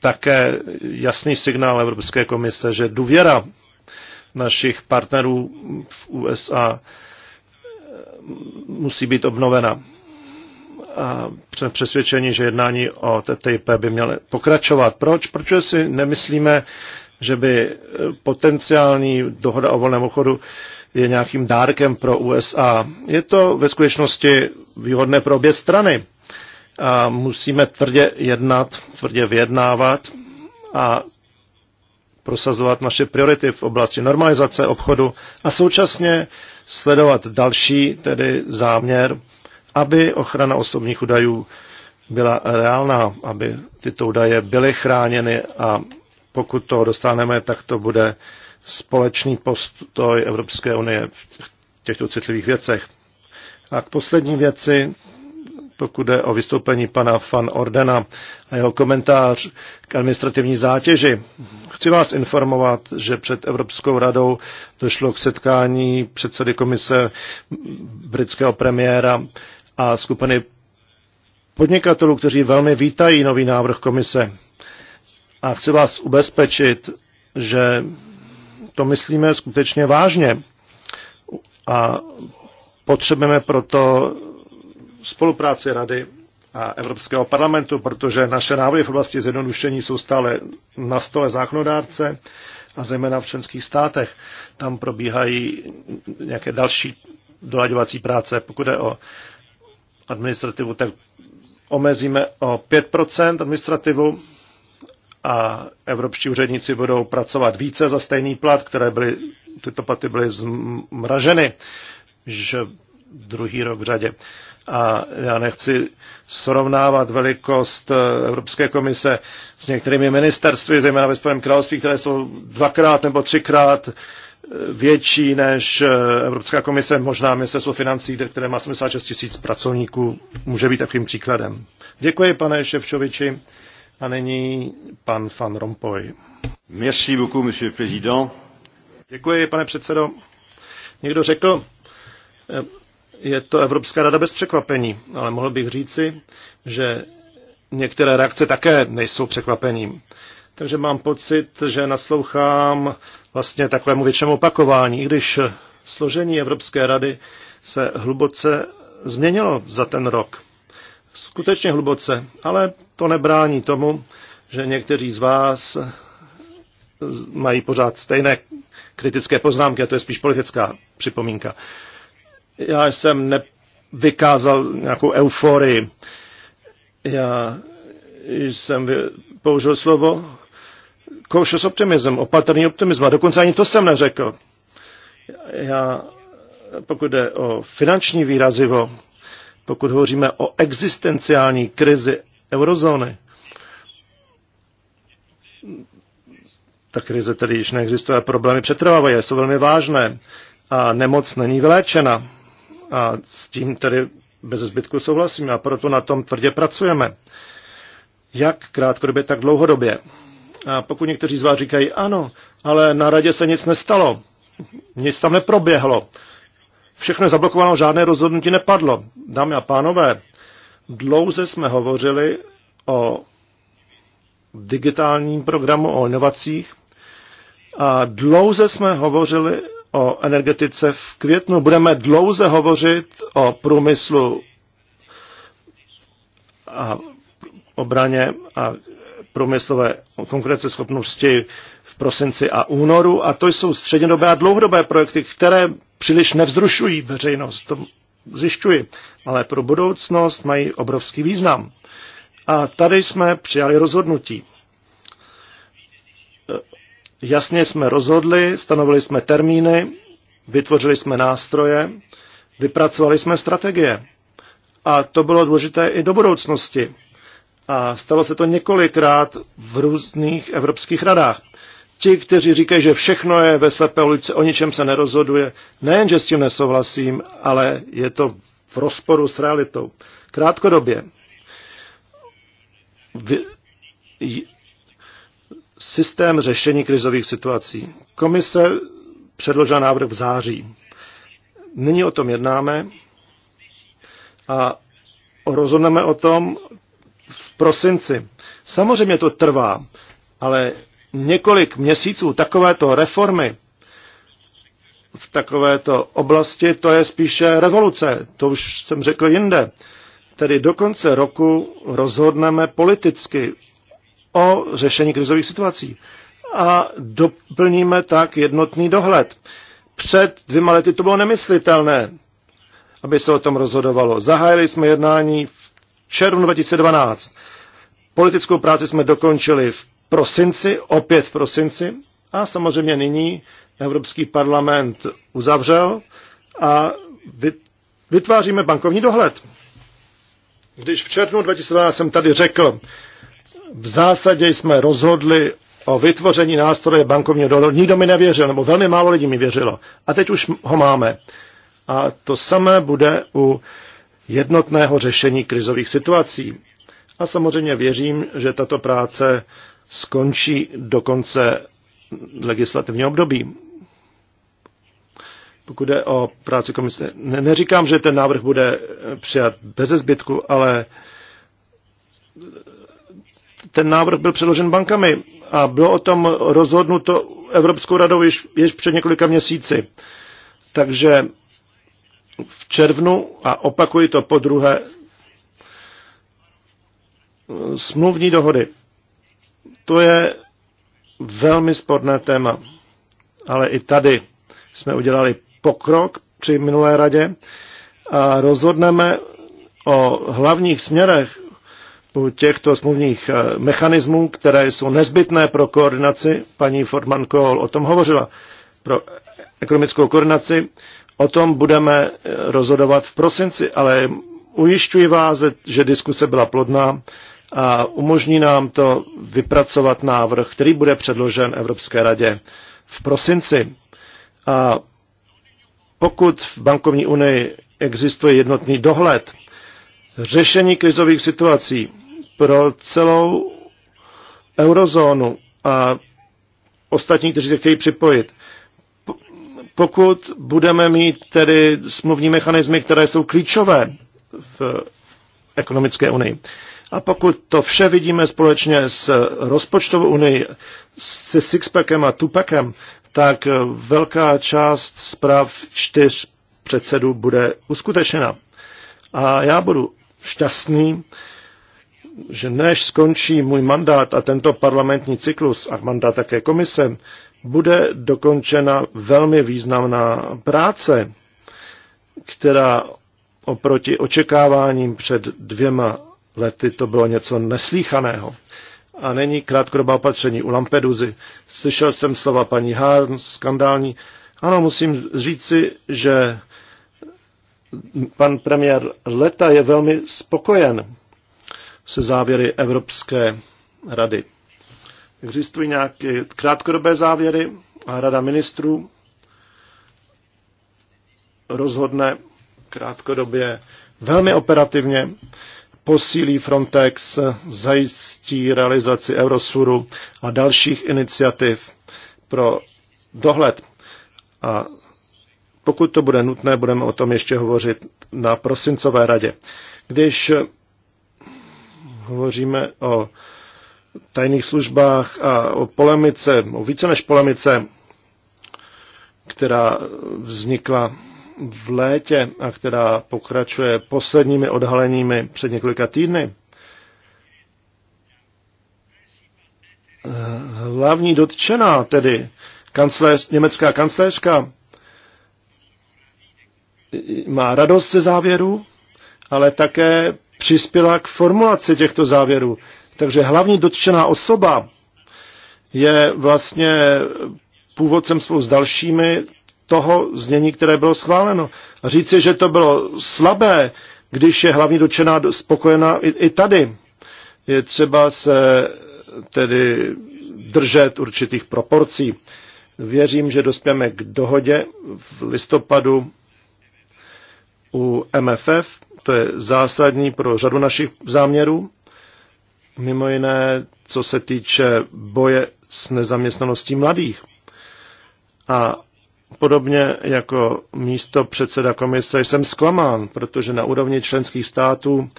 také jasný signál Evropské komise, že důvěra našich partnerů v USA eh, musí být obnovena. A jsem přesvědčení, že jednání o TTIP by měly pokračovat. Proč? Protože si nemyslíme, že by eh, potenciální dohoda o volném obchodu je nějakým dárkem pro USA. Je to ve skutečnosti výhodné pro obě strany. A musíme tvrdě jednat, tvrdě vyjednávat a prosazovat naše priority v oblasti normalizace obchodu a současně sledovat další, tedy záměr, aby ochrana osobních údajů byla reálná, aby tyto údaje byly chráněny a pokud to dostaneme, tak to bude společný postoj Evropské unie v těchto citlivých věcech. A k poslední věci, pokud jde o vystoupení pana Van Ordena a jeho komentář k administrativní zátěži. Chci vás informovat, že před Evropskou radou došlo k setkání předsedy komise britského premiéra a skupiny podnikatelů, kteří velmi vítají nový návrh komise. A chci vás ubezpečit, že to myslíme skutečně vážně. A potřebujeme proto spolupráci Rady a Evropského parlamentu, protože naše návrhy v oblasti zjednodušení jsou stále na stole zákonodárce a zejména v členských státech. Tam probíhají nějaké další dolaďovací práce. Pokud je o administrativu, tak omezíme o 5% administrativu a evropští úředníci budou pracovat více za stejný plat, které byly, tyto platy byly zmraženy, že druhý rok v řadě. A já nechci srovnávat velikost eh, Evropské komise s některými ministerstvy, zejména ve Spojeném království, které jsou dvakrát nebo třikrát eh, větší než eh, Evropská komise, možná ministerstvo financí, které má 76 tisíc pracovníků, může být takovým příkladem. Děkuji, pane Ševčoviči. A nyní pan Van Rompuy. Merci beaucoup, monsieur président. Děkuji, pane předsedo. Někdo řekl, eh, je to Evropská rada bez překvapení, ale mohl bych říci, že některé reakce také nejsou překvapením. Takže mám pocit, že naslouchám vlastně takovému většinému opakování, i když složení Evropské rady se hluboce změnilo za ten rok skutečně hluboce, ale to nebrání tomu, že někteří z vás mají pořád stejné kritické poznámky, a to je spíš politická připomínka. Já jsem nevykázal nějakou euforii. Já jsem použil slovo kouše s optimismem, opatrný optimism, A dokonce ani to jsem neřekl. Já, pokud jde o finanční výrazivo, pokud hovoříme o existenciální krizi eurozóny, ta krize tedy již neexistuje, problémy přetrvávají, jsou velmi vážné a nemoc není vyléčena. A s tím tedy bez zbytku souhlasím a proto na tom tvrdě pracujeme. Jak krátkodobě, tak dlouhodobě. A pokud někteří z vás říkají, ano, ale na radě se nic nestalo, nic tam neproběhlo, Všechno je zablokováno, žádné rozhodnutí nepadlo. Dámy a pánové, dlouze jsme hovořili o digitálním programu, o inovacích a dlouze jsme hovořili o energetice v květnu. Budeme dlouze hovořit o průmyslu a obraně a průmyslové konkurenceschopnosti prosinci a únoru a to jsou střednědobé a dlouhodobé projekty, které příliš nevzrušují veřejnost, to zjišťuji, ale pro budoucnost mají obrovský význam. A tady jsme přijali rozhodnutí. E, jasně jsme rozhodli, stanovili jsme termíny, vytvořili jsme nástroje, vypracovali jsme strategie. A to bylo důležité i do budoucnosti. A stalo se to několikrát v různých evropských radách. Ti, kteří říkají, že všechno je ve slepé ulici, o ničem se nerozhoduje, nejen, že s tím nesouhlasím, ale je to v rozporu s realitou. Krátkodobě v, systém řešení krizových situací. Komise předložila návrh v září. Nyní o tom jednáme a rozhodneme o tom v prosinci. Samozřejmě to trvá, ale několik měsíců takovéto reformy v takovéto oblasti, to je spíše revoluce, to už jsem řekl jinde. Tedy do konce roku rozhodneme politicky o řešení krizových situací a doplníme tak jednotný dohled. Před dvěma lety to bylo nemyslitelné, aby se o tom rozhodovalo. Zahájili jsme jednání v červnu 2012. Politickou práci jsme dokončili v prosinci, opět v prosinci. A samozřejmě nyní Evropský parlament uzavřel a vytváříme bankovní dohled. Když v červnu 2012 jsem tady řekl, v zásadě jsme rozhodli o vytvoření nástroje bankovního dohledu, nikdo mi nevěřil, nebo velmi málo lidí mi věřilo. A teď už ho máme. A to samé bude u jednotného řešení krizových situací. A samozřejmě věřím, že tato práce skončí do konce legislativního období. Pokud jde o práci komise, ne, neříkám, že ten návrh bude přijat bez zbytku, ale ten návrh byl předložen bankami a bylo o tom rozhodnuto Evropskou radou již, již před několika měsíci. Takže v červnu, a opakuji to po druhé, smluvní dohody to je velmi sporné téma. Ale i tady jsme udělali pokrok při minulé radě a rozhodneme o hlavních směrech u těchto smluvních eh, mechanismů, které jsou nezbytné pro koordinaci. Paní Fordman Kohl o tom hovořila. Pro ekonomickou koordinaci o tom budeme eh, rozhodovat v prosinci, ale ujišťuji vás, že diskuse byla plodná a umožní nám to vypracovat návrh, který bude předložen Evropské radě v prosinci. A pokud v bankovní unii existuje jednotný dohled, řešení krizových situací pro celou eurozónu a ostatní, kteří se chtějí připojit, pokud budeme mít tedy smluvní mechanismy, které jsou klíčové v ekonomické unii. A pokud to vše vidíme společně s rozpočtovou unii, se Sixpackem a Tupakem, tak velká část zpráv čtyř předsedů bude uskutečena. A já budu šťastný, že než skončí můj mandát a tento parlamentní cyklus a mandát také komise, bude dokončena velmi významná práce, která oproti očekáváním před dvěma lety to bylo něco neslíchaného. A není krátkodobá opatření u Lampeduzy. Slyšel jsem slova paní Harn, skandální. Ano, musím říci, že pan premiér Leta je velmi spokojen se závěry Evropské rady. Existují nějaké krátkodobé závěry a rada ministrů rozhodne krátkodobě velmi operativně posílí Frontex, zajistí realizaci Eurosuru a dalších iniciativ pro dohled. A pokud to bude nutné, budeme o tom ještě hovořit na prosincové radě. Když hovoříme o tajných službách a o polemice, o více než polemice, která vznikla v létě a která pokračuje posledními odhaleními před několika týdny, hlavní dotčená, tedy kancléř, německá kancléřka, má radost ze závěru, ale také přispěla k formulaci těchto závěrů. Takže hlavní dotčená osoba je vlastně původcem spolu s dalšími toho znění, které bylo schváleno. A říci, že to bylo slabé, když je hlavní dočená spokojená i, i tady. Je třeba se tedy držet určitých proporcí. Věřím, že dospěme k dohodě v listopadu u MFF. To je zásadní pro řadu našich záměrů. Mimo jiné, co se týče boje s nezaměstnaností mladých. A Podobně jako místo předseda komise jsem zklamán, protože na úrovni členských států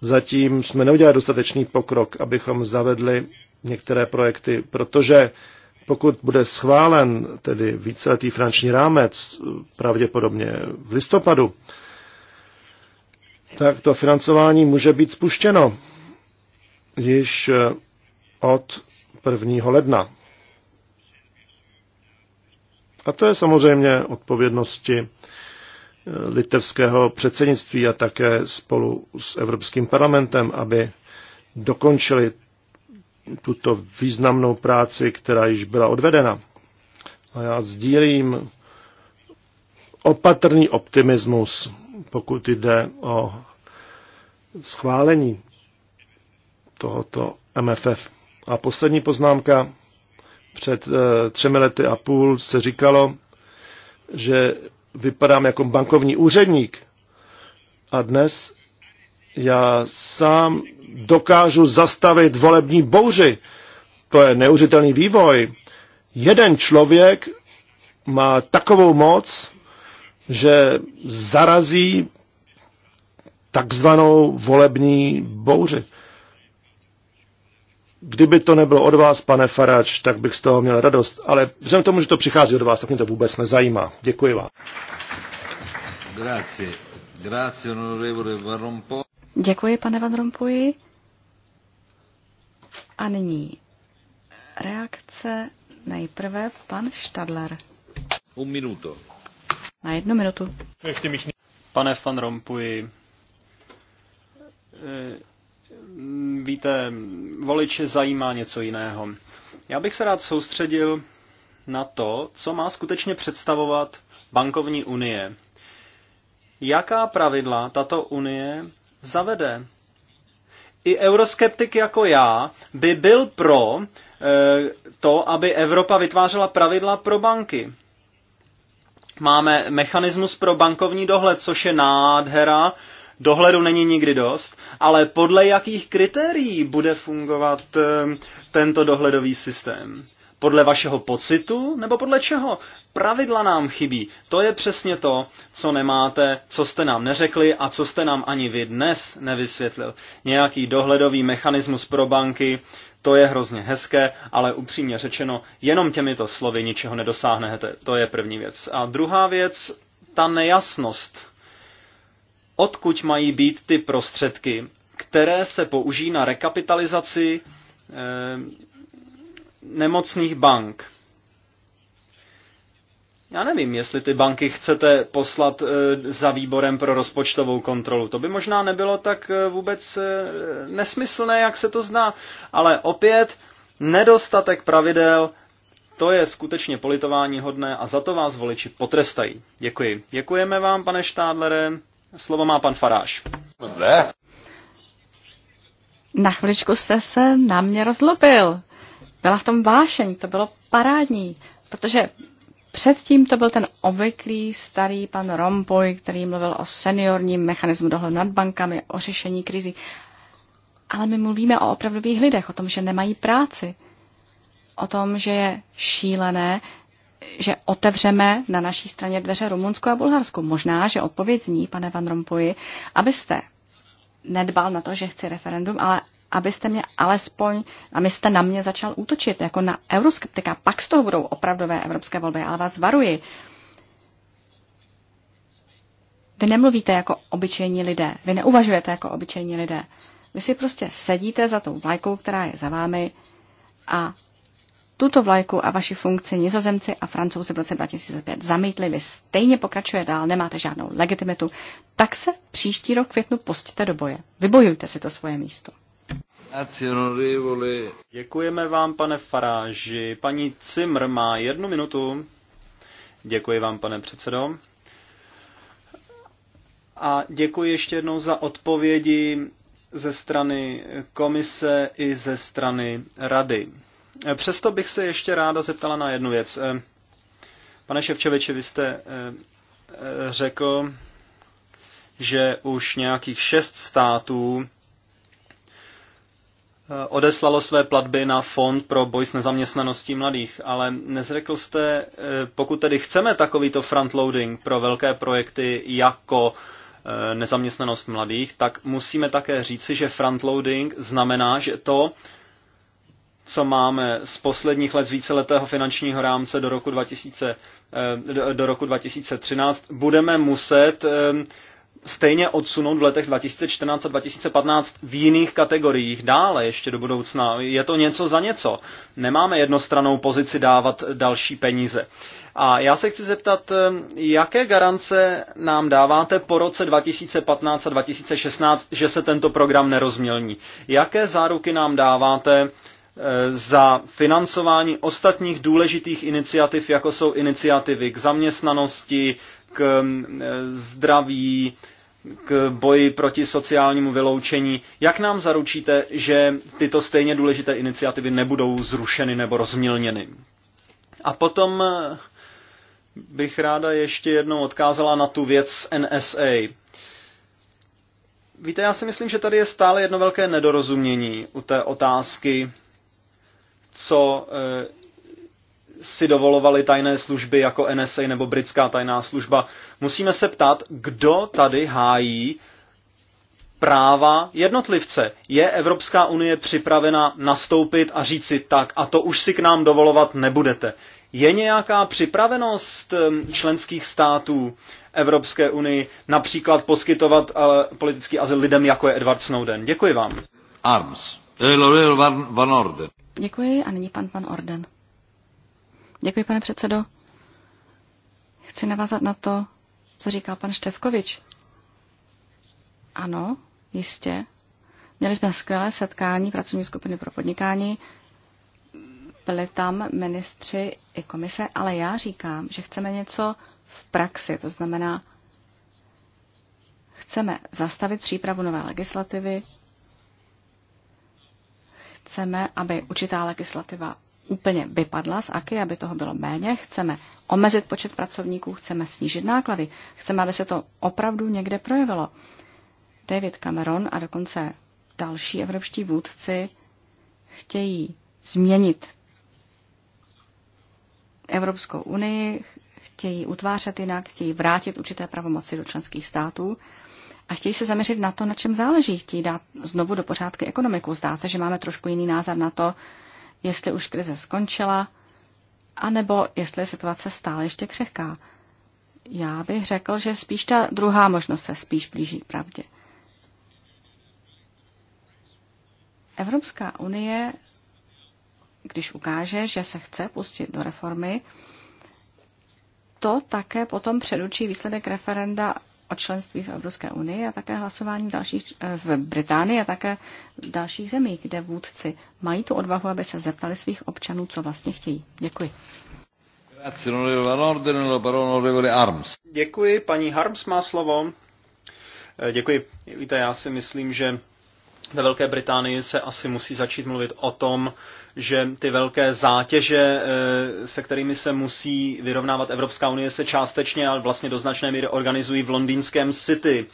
zatím jsme neudělali dostatečný pokrok, abychom zavedli některé projekty, protože pokud bude schválen tedy víceletý finanční rámec, pravděpodobně v listopadu, tak to financování může být spuštěno již od 1. ledna. A to je samozřejmě odpovědnosti eh, litevského předsednictví a také spolu s Evropským parlamentem, aby dokončili tuto významnou práci, která již byla odvedena. A já sdílím opatrný optimismus, pokud jde o schválení tohoto MFF. A poslední poznámka. Před eh, třemi lety a půl se říkalo, že vypadám jako bankovní úředník. A dnes já sám dokážu zastavit volební bouři. To je neužitelný vývoj. Jeden člověk má takovou moc, že zarazí takzvanou volební bouři. Kdyby to nebylo od vás, pane Farač, tak bych z toho měl radost, ale vzhledem tomu, že to přichází od vás, tak mě to vůbec nezajímá. Děkuji vám. Grazie. Grazie, onorevole Van Rompuy. Děkuji, pane Van Rompuy. A nyní reakce nejprve pan Stadler. Un minuto. Na jednu minutu. Pane Van Rompuy, eh, víte, voliče zajímá něco jiného. Já bych se rád soustředil na to, co má skutečně představovat bankovní unie. Jaká pravidla tato unie zavede? I euroskeptik jako já by byl pro e, to, aby Evropa vytvářela pravidla pro banky. Máme mechanismus pro bankovní dohled, což je nádhera, Dohledu není nikdy dost, ale podle jakých kritérií bude fungovat eh, tento dohledový systém? Podle vašeho pocitu nebo podle čeho? Pravidla nám chybí. To je přesně to, co nemáte, co jste nám neřekli a co jste nám ani vy dnes nevysvětlil. Nějaký dohledový mechanismus pro banky, to je hrozně hezké, ale upřímně řečeno, jenom těmito slovy ničeho nedosáhnete. To je první věc. A druhá věc, ta nejasnost odkud mají být ty prostředky, které se použijí na rekapitalizaci eh, nemocných bank. Já nevím, jestli ty banky chcete poslat eh, za výborem pro rozpočtovou kontrolu. To by možná nebylo tak eh, vůbec nesmyslné, jak se to zná. Ale opět, nedostatek pravidel, to je skutečně politování hodné a za to vás voliči potrestají. Děkuji. Děkujeme vám, pane Štádlere. Slovo má pan Faráš. Ne. Na chviličku jste se na mě rozlobil. Byla v tom vášeň, to bylo parádní, protože předtím to byl ten obvyklý starý pan Rompuy, který mluvil o seniorním mechanismu dohledu nad bankami, o řešení krizi. Ale my mluvíme o opravdových lidech, o tom, že nemají práci, o tom, že je šílené, že otevřeme na naší straně dveře Rumunsku a Bulharsku. Možná, že odpověď zní, pane Van Rompuy, abyste nedbal na to, že chci referendum, ale abyste mě alespoň, abyste na mě začal útočit, jako na euroskeptika. Pak z toho budou opravdové evropské volby, ale vás varuji. Vy nemluvíte jako obyčejní lidé, vy neuvažujete jako obyčejní lidé. Vy si prostě sedíte za tou vlajkou, která je za vámi a tuto vlajku a vaši funkci nizozemci a francouzi v roce 2005 zamítli, vy stejně pokračuje dál, nemáte žádnou legitimitu, tak se příští rok květnu pustíte do boje. Vybojujte si to svoje místo. Děkujeme vám, pane Faráži. Paní Cimr má jednu minutu. Děkuji vám, pane předsedo. A děkuji ještě jednou za odpovědi ze strany komise i ze strany rady. Přesto bych se ještě ráda zeptala na jednu věc. Eh, pane Ševčeviči, vy jste eh, eh, řekl, že už nějakých šest států odeslalo své platby na fond pro boj s nezaměstnaností mladých, ale nezřekl jste, pokud tedy chceme takovýto frontloading pro velké projekty jako nezaměstnanost mladých, tak musíme také říci, že frontloading znamená, že to co máme z posledních let z víceletého finančního rámce do roku, 2000, eh, do roku 2013, budeme muset eh, stejně odsunout v letech 2014 a 2015 v jiných kategoriích dále ještě do budoucna. Je to něco za něco. Nemáme jednostranou pozici dávat další peníze. A já se chci zeptat, eh, jaké garance nám dáváte po roce 2015 a 2016, že se tento program nerozmělní? Jaké záruky nám dáváte, Eh, za financování ostatních důležitých iniciativ, jako jsou iniciativy k zaměstnanosti, k mm, eh, zdraví, k boji proti sociálnímu vyloučení. Jak nám zaručíte, že tyto stejně důležité iniciativy nebudou zrušeny nebo rozmělněny? A potom eh, bych ráda ještě jednou odkázala na tu věc z NSA. Víte, já si myslím, že tady je stále jedno velké nedorozumění u té otázky co eh, si dovolovaly tajné služby jako NSA nebo britská tajná služba. Musíme se ptát, kdo tady hájí práva jednotlivce. Je Evropská unie připravena nastoupit a říct si tak, a to už si k nám dovolovat nebudete. Je nějaká připravenost eh, členských států Evropské unii například poskytovat eh, politický azyl lidem, jako je Edward Snowden? Děkuji vám. Arms. Van Orden. Děkuji a nyní pan pan Orden. Děkuji, pane předsedo. Chci navázat na to, co říkal pan Števkovič. Ano, jistě. Měli jsme skvělé setkání pracovní skupiny pro podnikání. Byli tam ministři i komise, ale já říkám, že chceme něco v praxi. To znamená, chceme zastavit přípravu nové legislativy, Chceme, aby určitá legislativa úplně vypadla z AKY, aby toho bylo méně. Chceme omezit počet pracovníků, chceme snížit náklady, chceme, aby se to opravdu někde projevilo. David Cameron a dokonce další evropští vůdci chtějí změnit Evropskou unii, chtějí utvářet jinak, chtějí vrátit určité pravomoci do členských států a chtějí se zaměřit na to, na čem záleží. Chtějí dát znovu do pořádky ekonomiku. Zdá se, že máme trošku jiný názor na to, jestli už krize skončila, anebo jestli je situace stále ještě křehká. Já bych řekl, že spíš ta druhá možnost se spíš blíží pravdě. Evropská unie, když ukáže, že se chce pustit do reformy, to také potom předučí výsledek referenda o členství v Evropské unii a také hlasování v, dalších, eh, v Británii a také v dalších zemích, kde vůdci mají tu odvahu, aby se zeptali svých občanů, co vlastně chtějí. Děkuji. Děkuji, paní Harms má slovo. Eh, děkuji. Víte, já si myslím, že ve Velké Británii se asi musí začít mluvit o tom, že ty velké zátěže, eh, se kterými se musí vyrovnávat Evropská unie, se částečně, ale vlastně do značné míry organizují v londýnském City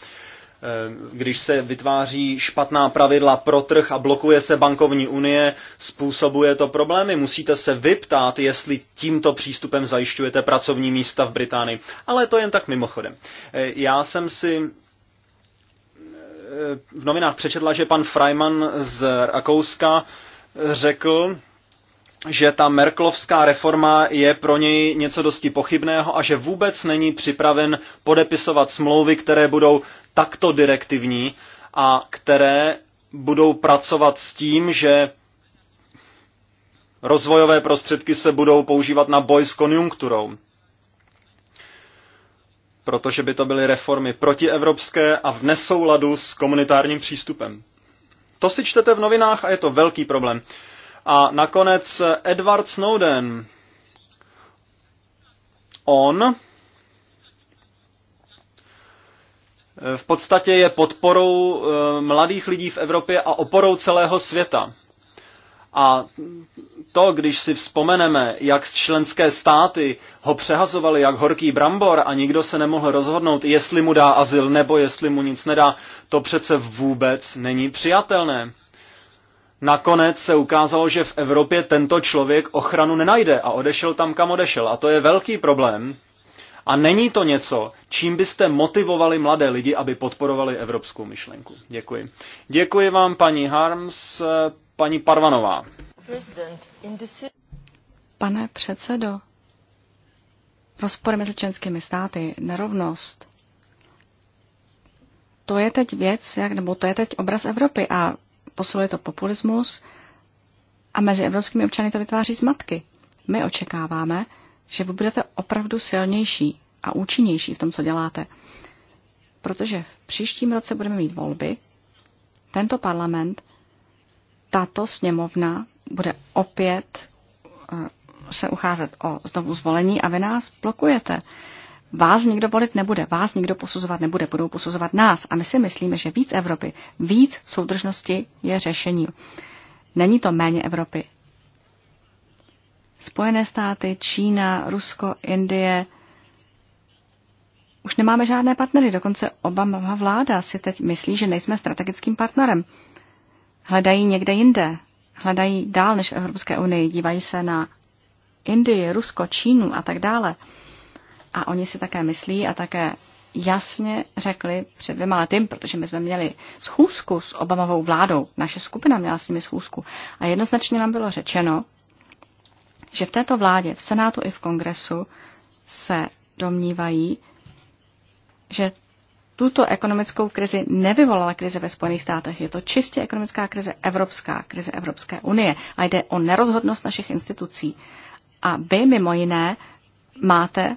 eh, když se vytváří špatná pravidla pro trh a blokuje se bankovní unie, způsobuje to problémy. Musíte se vyptát, jestli tímto přístupem zajišťujete pracovní místa v Británii. Ale to jen tak mimochodem. Eh, já jsem si v novinách přečetla, že pan Freiman z Rakouska řekl, že ta Merklovská reforma je pro něj něco dosti pochybného a že vůbec není připraven podepisovat smlouvy, které budou takto direktivní a které budou pracovat s tím, že rozvojové prostředky se budou používat na boj s konjunkturou protože by to byly reformy protievropské a v nesouladu s komunitárním přístupem. To si čtete v novinách a je to velký problém. A nakonec Edward Snowden. On v podstatě je podporou eh, mladých lidí v Evropě a oporou celého světa. A to, když si vzpomeneme, jak členské státy ho přehazovali jak horký brambor a nikdo se nemohl rozhodnout, jestli mu dá azyl nebo jestli mu nic nedá, to přece vůbec není přijatelné. Nakonec se ukázalo, že v Evropě tento člověk ochranu nenajde a odešel tam, kam odešel. A to je velký problém. A není to něco, čím byste motivovali mladé lidi, aby podporovali evropskou myšlenku. Děkuji. Děkuji vám, paní Harms, paní Parvanová. Pane předsedo, rozpory mezi členskými státy, nerovnost, to je teď věc, jak, nebo to je teď obraz Evropy a posiluje to populismus a mezi evropskými občany to vytváří zmatky. My očekáváme, že vy budete opravdu silnější a účinnější v tom, co děláte. Protože v příštím roce budeme mít volby, tento parlament, tato sněmovna bude opět eh, se ucházet o znovu zvolení a vy nás blokujete. Vás nikdo volit nebude, vás nikdo posuzovat nebude, budou posuzovat nás. A my si myslíme, že víc Evropy, víc soudržnosti je řešení. Není to méně Evropy. Spojené státy, Čína, Rusko, Indie. Už nemáme žádné partnery, dokonce Obama vláda si teď myslí, že nejsme strategickým partnerem. Hledají někde jinde, hledají dál než Evropské unii, dívají se na Indii, Rusko, Čínu a tak dále. A oni si také myslí a také jasně řekli před dvěma lety, protože my jsme měli schůzku s Obamovou vládou, naše skupina měla s nimi schůzku a jednoznačně nám bylo řečeno, že v této vládě, v Senátu i v Kongresu se domnívají, že tuto ekonomickou krizi nevyvolala krize ve Spojených státech. Je to čistě ekonomická krize evropská, krize Evropské unie a jde o nerozhodnost našich institucí. A vy mimo jiné máte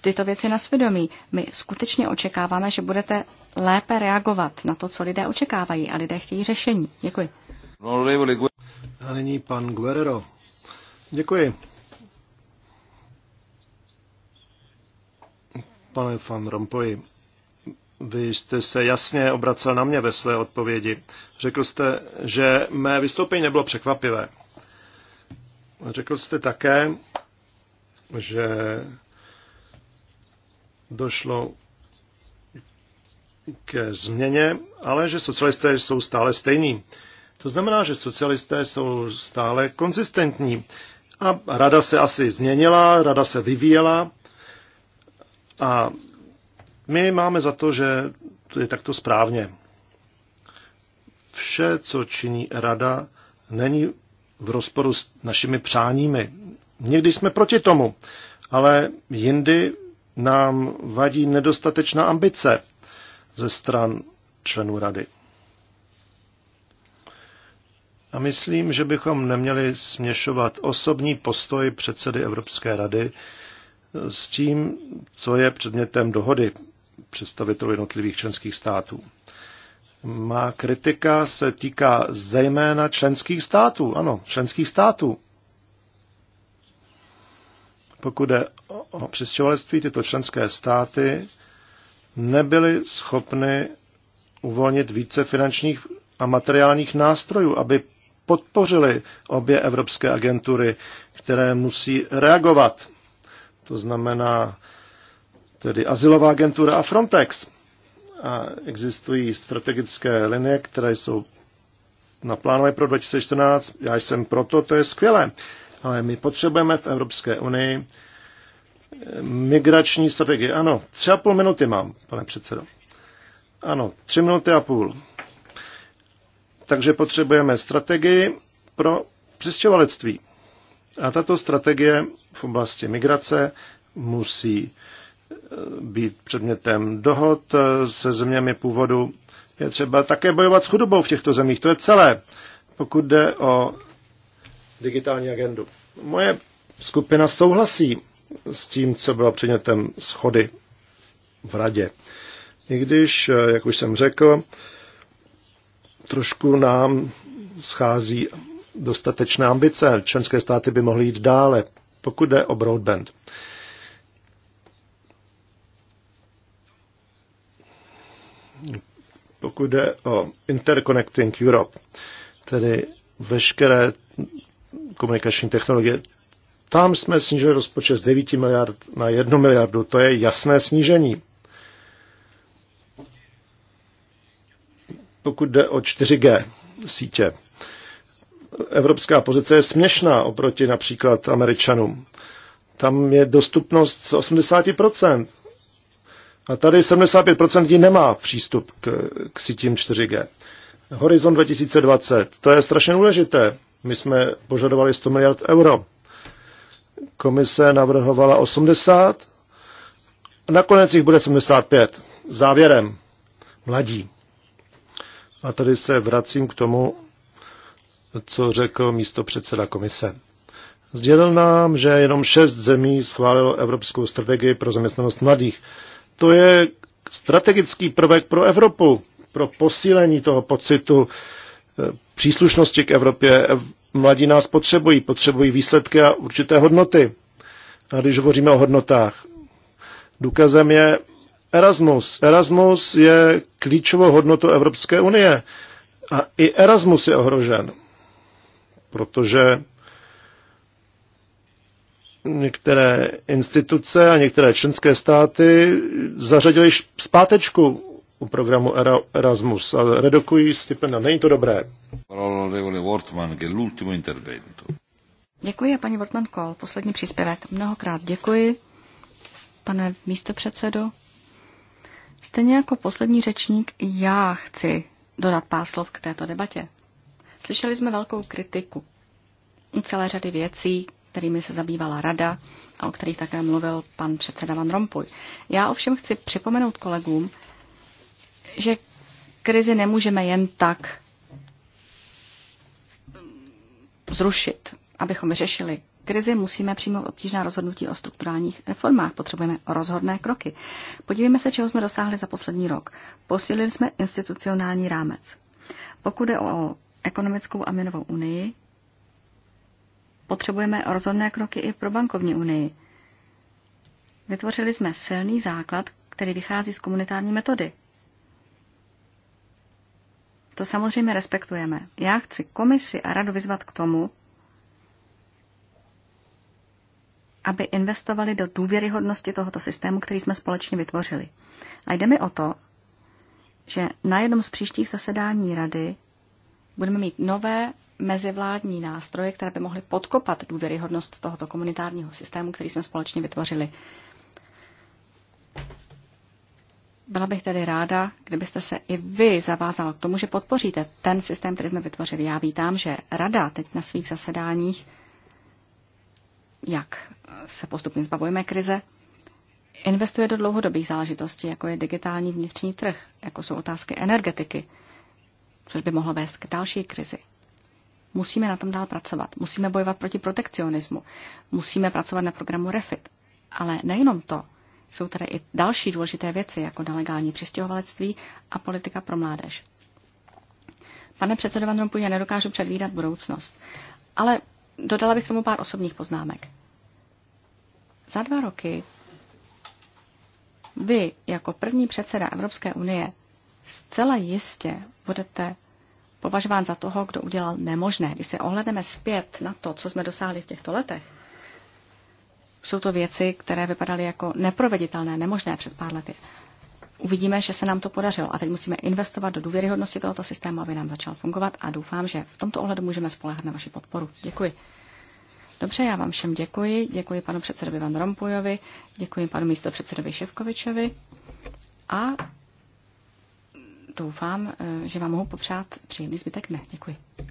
tyto věci na svědomí. My skutečně očekáváme, že budete lépe reagovat na to, co lidé očekávají a lidé chtějí řešení. Děkuji. A nyní pan Guerrero. Děkuji. Pane Van Rompuy, vy jste se jasně obracel na mě ve své odpovědi. Řekl jste, že mé vystoupení nebylo překvapivé. Řekl jste také, že došlo ke změně, ale že socialisté jsou stále stejní. To znamená, že socialisté jsou stále konzistentní. A rada se asi změnila, rada se vyvíjela a my máme za to, že to je takto správně. Vše, co činí rada, není v rozporu s našimi přáními. Někdy jsme proti tomu, ale jindy nám vadí nedostatečná ambice ze stran členů rady. A myslím, že bychom neměli směšovat osobní postoj předsedy Evropské rady s tím, co je předmětem dohody představitelů jednotlivých členských států. Má kritika se týká zejména členských států. Ano, členských států. Pokud jde o přistěhovalectví, tyto členské státy nebyly schopny uvolnit více finančních a materiálních nástrojů, aby podpořili obě evropské agentury, které musí reagovat. To znamená tedy Azylová agentura a Frontex. A existují strategické linie, které jsou naplánované pro 2014. Já jsem proto, to je skvělé. Ale my potřebujeme v Evropské unii migrační strategii. Ano, tři a půl minuty mám, pane předsedo. Ano, tři minuty a půl. Takže potřebujeme strategii pro přistěhovalectví. A tato strategie v oblasti migrace musí být předmětem dohod se zeměmi původu. Je třeba také bojovat s chudobou v těchto zemích. To je celé, pokud jde o digitální agendu. Moje skupina souhlasí s tím, co bylo předmětem schody v radě. I když, jak už jsem řekl, trošku nám schází dostatečná ambice. Členské státy by mohly jít dále, pokud jde o broadband. pokud jde o Interconnecting Europe, tedy veškeré komunikační technologie, tam jsme snížili rozpočet z 9 miliard na 1 miliardu. To je jasné snížení. Pokud jde o 4G sítě, evropská pozice je směšná oproti například Američanům. Tam je dostupnost 80%. A tady 75% lidí nemá přístup k, k sítím 4G. Horizon 2020, to je strašně důležité. My jsme požadovali 100 miliard euro. Komise navrhovala 80, a nakonec jich bude 75. Závěrem, mladí. A tady se vracím k tomu, co řekl místo předseda komise. Sdělil nám, že jenom šest zemí schválilo Evropskou strategii pro zaměstnanost mladých to je strategický prvek pro Evropu, pro posílení toho pocitu eh, příslušnosti k Evropě. Mladí nás potřebují, potřebují výsledky a určité hodnoty. A když hovoříme o hodnotách, důkazem je Erasmus. Erasmus je klíčovou hodnotou Evropské unie. A i Erasmus je ohrožen, protože některé instituce a některé členské státy zařadili zpátečku u programu Erasmus a redukují stipenda. Není to dobré. Děkuji a paní Wortman Kohl. Poslední příspěvek. Mnohokrát děkuji, pane místopředsedo. Stejně jako poslední řečník, já chci dodat pár slov k této debatě. Slyšeli jsme velkou kritiku u celé řady věcí, kterými se zabývala rada a o kterých také mluvil pan předseda Van Rompuy. Já ovšem chci připomenout kolegům, že krizi nemůžeme jen tak zrušit. Abychom řešili krizi, musíme přijmout obtížná rozhodnutí o strukturálních reformách. Potřebujeme rozhodné kroky. Podívejme se, čeho jsme dosáhli za poslední rok. Posílili jsme institucionální rámec. Pokud je o ekonomickou a měnovou unii, potřebujeme rozhodné kroky i pro bankovní unii. Vytvořili jsme silný základ, který vychází z komunitární metody. To samozřejmě respektujeme. Já chci komisi a radu vyzvat k tomu, aby investovali do důvěryhodnosti tohoto systému, který jsme společně vytvořili. A jde mi o to, že na jednom z příštích zasedání rady budeme mít nové mezivládní nástroje, které by mohly podkopat důvěryhodnost tohoto komunitárního systému, který jsme společně vytvořili. Byla bych tedy ráda, kdybyste se i vy zavázal k tomu, že podpoříte ten systém, který jsme vytvořili. Já vítám, že Rada teď na svých zasedáních, jak se postupně zbavujeme krize, investuje do dlouhodobých záležitostí, jako je digitální vnitřní trh, jako jsou otázky energetiky, což by mohlo vést k další krizi. Musíme na tom dál pracovat. Musíme bojovat proti protekcionismu. Musíme pracovat na programu REFIT. Ale nejenom to. Jsou tady i další důležité věci, jako nelegální přistěhovalectví a politika pro mládež. Pane předsedo Van Rompuy, já nedokážu předvídat budoucnost. Ale dodala bych tomu pár osobních poznámek. Za dva roky vy jako první předseda Evropské unie zcela jistě budete považován za toho, kdo udělal nemožné. Když se ohledneme zpět na to, co jsme dosáhli v těchto letech, jsou to věci, které vypadaly jako neproveditelné, nemožné před pár lety. Uvidíme, že se nám to podařilo a teď musíme investovat do důvěryhodnosti tohoto systému, aby nám začal fungovat a doufám, že v tomto ohledu můžeme spolehat na vaši podporu. Děkuji. Dobře, já vám všem děkuji. Děkuji panu předsedovi Van Rompujovi, děkuji panu místopředsedovi Ševkovičovi a doufám, eh, že vám mohu popřát příjemný zbytek dne. Děkuji.